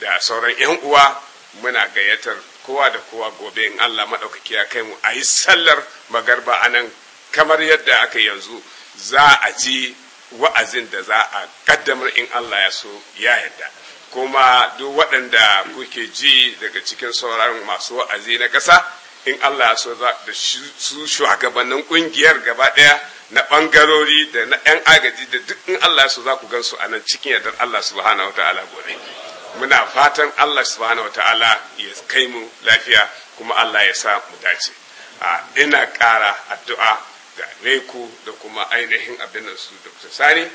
da sauran yan uwa muna gayyatar kowa da kowa gobe in Allah maɗaukaki ya kai mu a yi sallar magarba a nan kamar yadda aka yanzu za a ji wa'azin da za a kaddamar in Allah ya so ya yadda kuma duk waɗanda kuke ji daga cikin sauraron masu wa'azi na ƙasa in Allah ya so da su shugabannin kungiyar gaba daya na bangarori da na yan agaji da duk in Allah ya so za ku gan su a nan cikin yardar Allah subhanahu ta'ala gobe muna fatan Allah subhanahu ta'ala ya kai mu lafiya kuma Allah ya sa mu dace a ina ƙara addu'a ga reku da kuma ainihin abin nan su Dr. Sani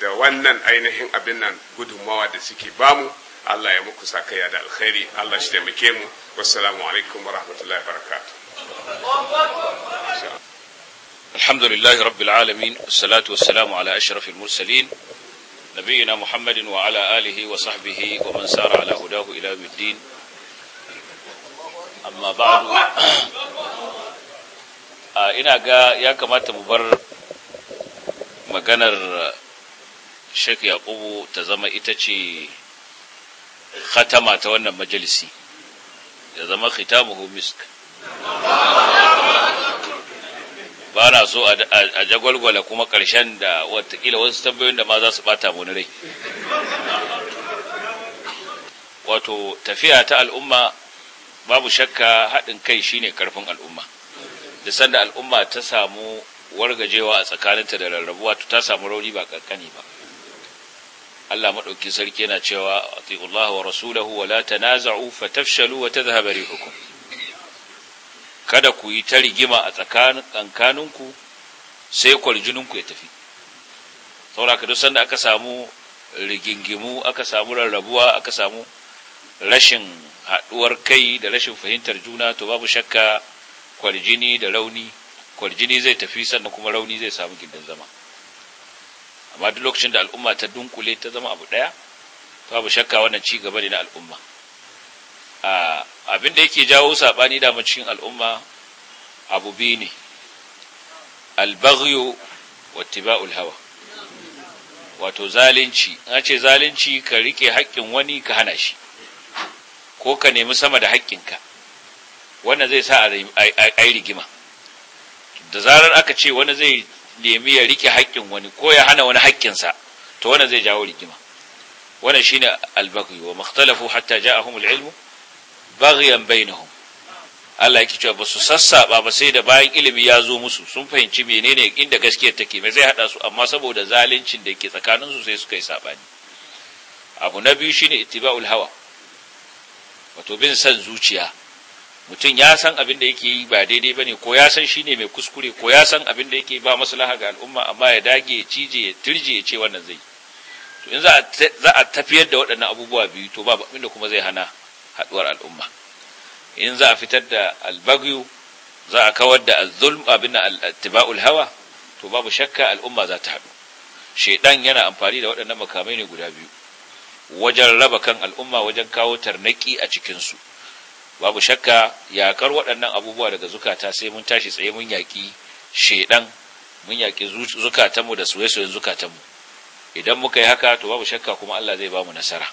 da wannan ainihin abin nan gudunmawa da suke bamu Allah ya muku sakaya da alkhairi Allah shi taimake mu wassalamu alaikum wa rahmatullahi barakatuh الحمد لله رب العالمين والصلاة والسلام على أشرف المرسلين نبينا محمد وعلى آله وصحبه ومن سار على هداه إلى يوم الدين amma ba'du a ina ga ya kamata mu bar maganar Sheikh Yakubu ta zama ita ce khatama ta wannan majalisi ya zama khitamuhu misk ba na so a jagwalgwala kuma ƙarshen da watakila wasu tambayoyin da ma za su bata mu rai wato tafiya ta al'umma babu shakka haɗin kai shine karfin al'umma da sanda al'umma ta samu wargajewa a tsakaninta da rarrabuwa ta samu rauni ba kankani ba Allah madauki sarki yana cewa atiullaha wa rasulahu wa la tanaza'u fatafshalu wa tadhhabu hukum. kada ku yi ta rigima a tsakaninku sai kwarjininku ya tafi sauraka duk sanda aka samu rigingimu aka samu rarrabuwa aka samu rashin haɗuwar kai da rashin fahimtar juna to babu shakka kwarjini da rauni kwarjini zai tafi sannan kuma rauni zai samu gindin zama amma duk lokacin da al'umma ta dunkule ta zama abu ɗaya to babu shakka wannan ci gaba ne na al'umma abin da yake jawo saɓani da cikin al'umma abu biyu ne albaghiyu wa tiba'ul hawa wato zalunci na ce zalunci ka rike haƙƙin wani ka hana shi ko ka nemi sama da haƙƙinka wannan zai sa a yi rigima da zarar aka ce wani zai nemi ya rike haƙƙin wani ko ya hana wani haƙƙinsa to wannan zai jawo rigima wannan shine al-baghy wa makhtalafu hatta ja'ahum al-ilm baghyan bainahum Allah yake cewa basu sassaba ba sai da bayan ilimi ya zo musu sun fahimci menene inda gaskiyar take mai zai hada su amma saboda zaluncin da yake tsakanin su sai suka yi sabani abu na biyu shine ittiba'ul hawa wato bin san zuciya mutum ya san abin da yake yi ba daidai ba ne, ko ya san shi ne mai kuskure ko ya san abin da yake ba maslaha ga al'umma amma ya dage ya cije ya turje ya ce wannan zai to in za a tafiyar da waɗannan abubuwa biyu to babu abin da kuma zai hana haɗuwar al'umma in za a fitar da albagyu za a kawar da zulm abin da attiba'ul hawa to babu shakka al'umma za ta haɗu shedan yana amfani da waɗannan makamai ne guda biyu wajen raba kan al'umma wajen kawo tarnaki a cikinsu babu shakka yakar waɗannan abubuwa daga zukata sai mun tashi tsaye mun yaƙi shedan mun yaƙi zukatanmu da soye-soyen zukatanmu idan muka yi haka to babu shakka kuma Allah zai ba mu nasara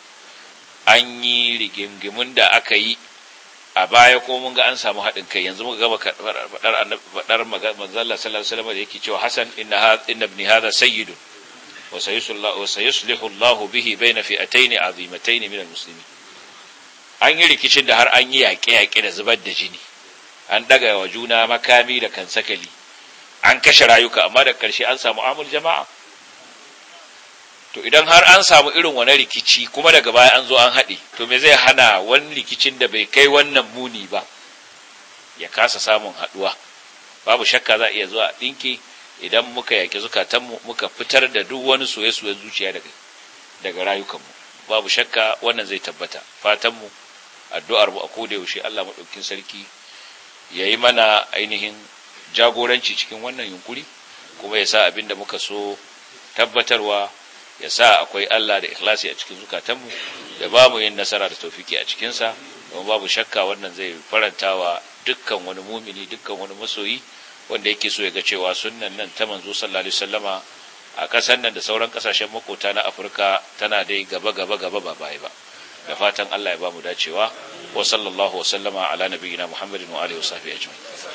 an yi rigingimin da aka yi a baya ko mun ga an samu haɗin kai yanzu muka gaba faɗar manzalla sallallahu alaihi wasallam da yake cewa hasan inna inna ibn hadha sayyid wa sayuslihu Allah bihi bayna fi'atayn azimatayn min al-muslimin an yi rikicin da har an yi yaƙe-yaƙe da zubar da jini an daga wa juna makami da kansakali an kashe rayuka amma da ƙarshe an samu amul jama'a to idan har an samu irin wani rikici kuma daga baya an zo an haɗe to me zai hana wani rikicin da bai kai wannan muni ba ya kasa samun haɗuwa babu shakka za iya zuwa ɗinki idan muka yaƙi mu muka fitar da duk wani soye-soyen zuciya daga daga rayukanmu babu shakka wannan zai tabbata fatanmu addu'ar mu a koda yaushe Allah madaukakin sarki yayi mana ainihin jagoranci cikin wannan yunkuri kuma ya sa abinda muka so tabbatarwa ya sa akwai Allah da ikhlasi a cikin zukatanmu da babu yin nasara da taufiki a cikinsa don babu shakka wannan zai farantawa dukkan wani mumini dukkan wani masoyi wanda yake so ya ga cewa sunnan nan ta manzo sallallahu alaihi wasallama a ƙasar nan da sauran kasashen makota na Afirka tana dai gaba gaba gaba ba baya ba da fatan Allah ya ba mu dacewa wa sallallahu wa sallama ala nabiyina Muhammadin wa alihi wa sahbihi ajma'in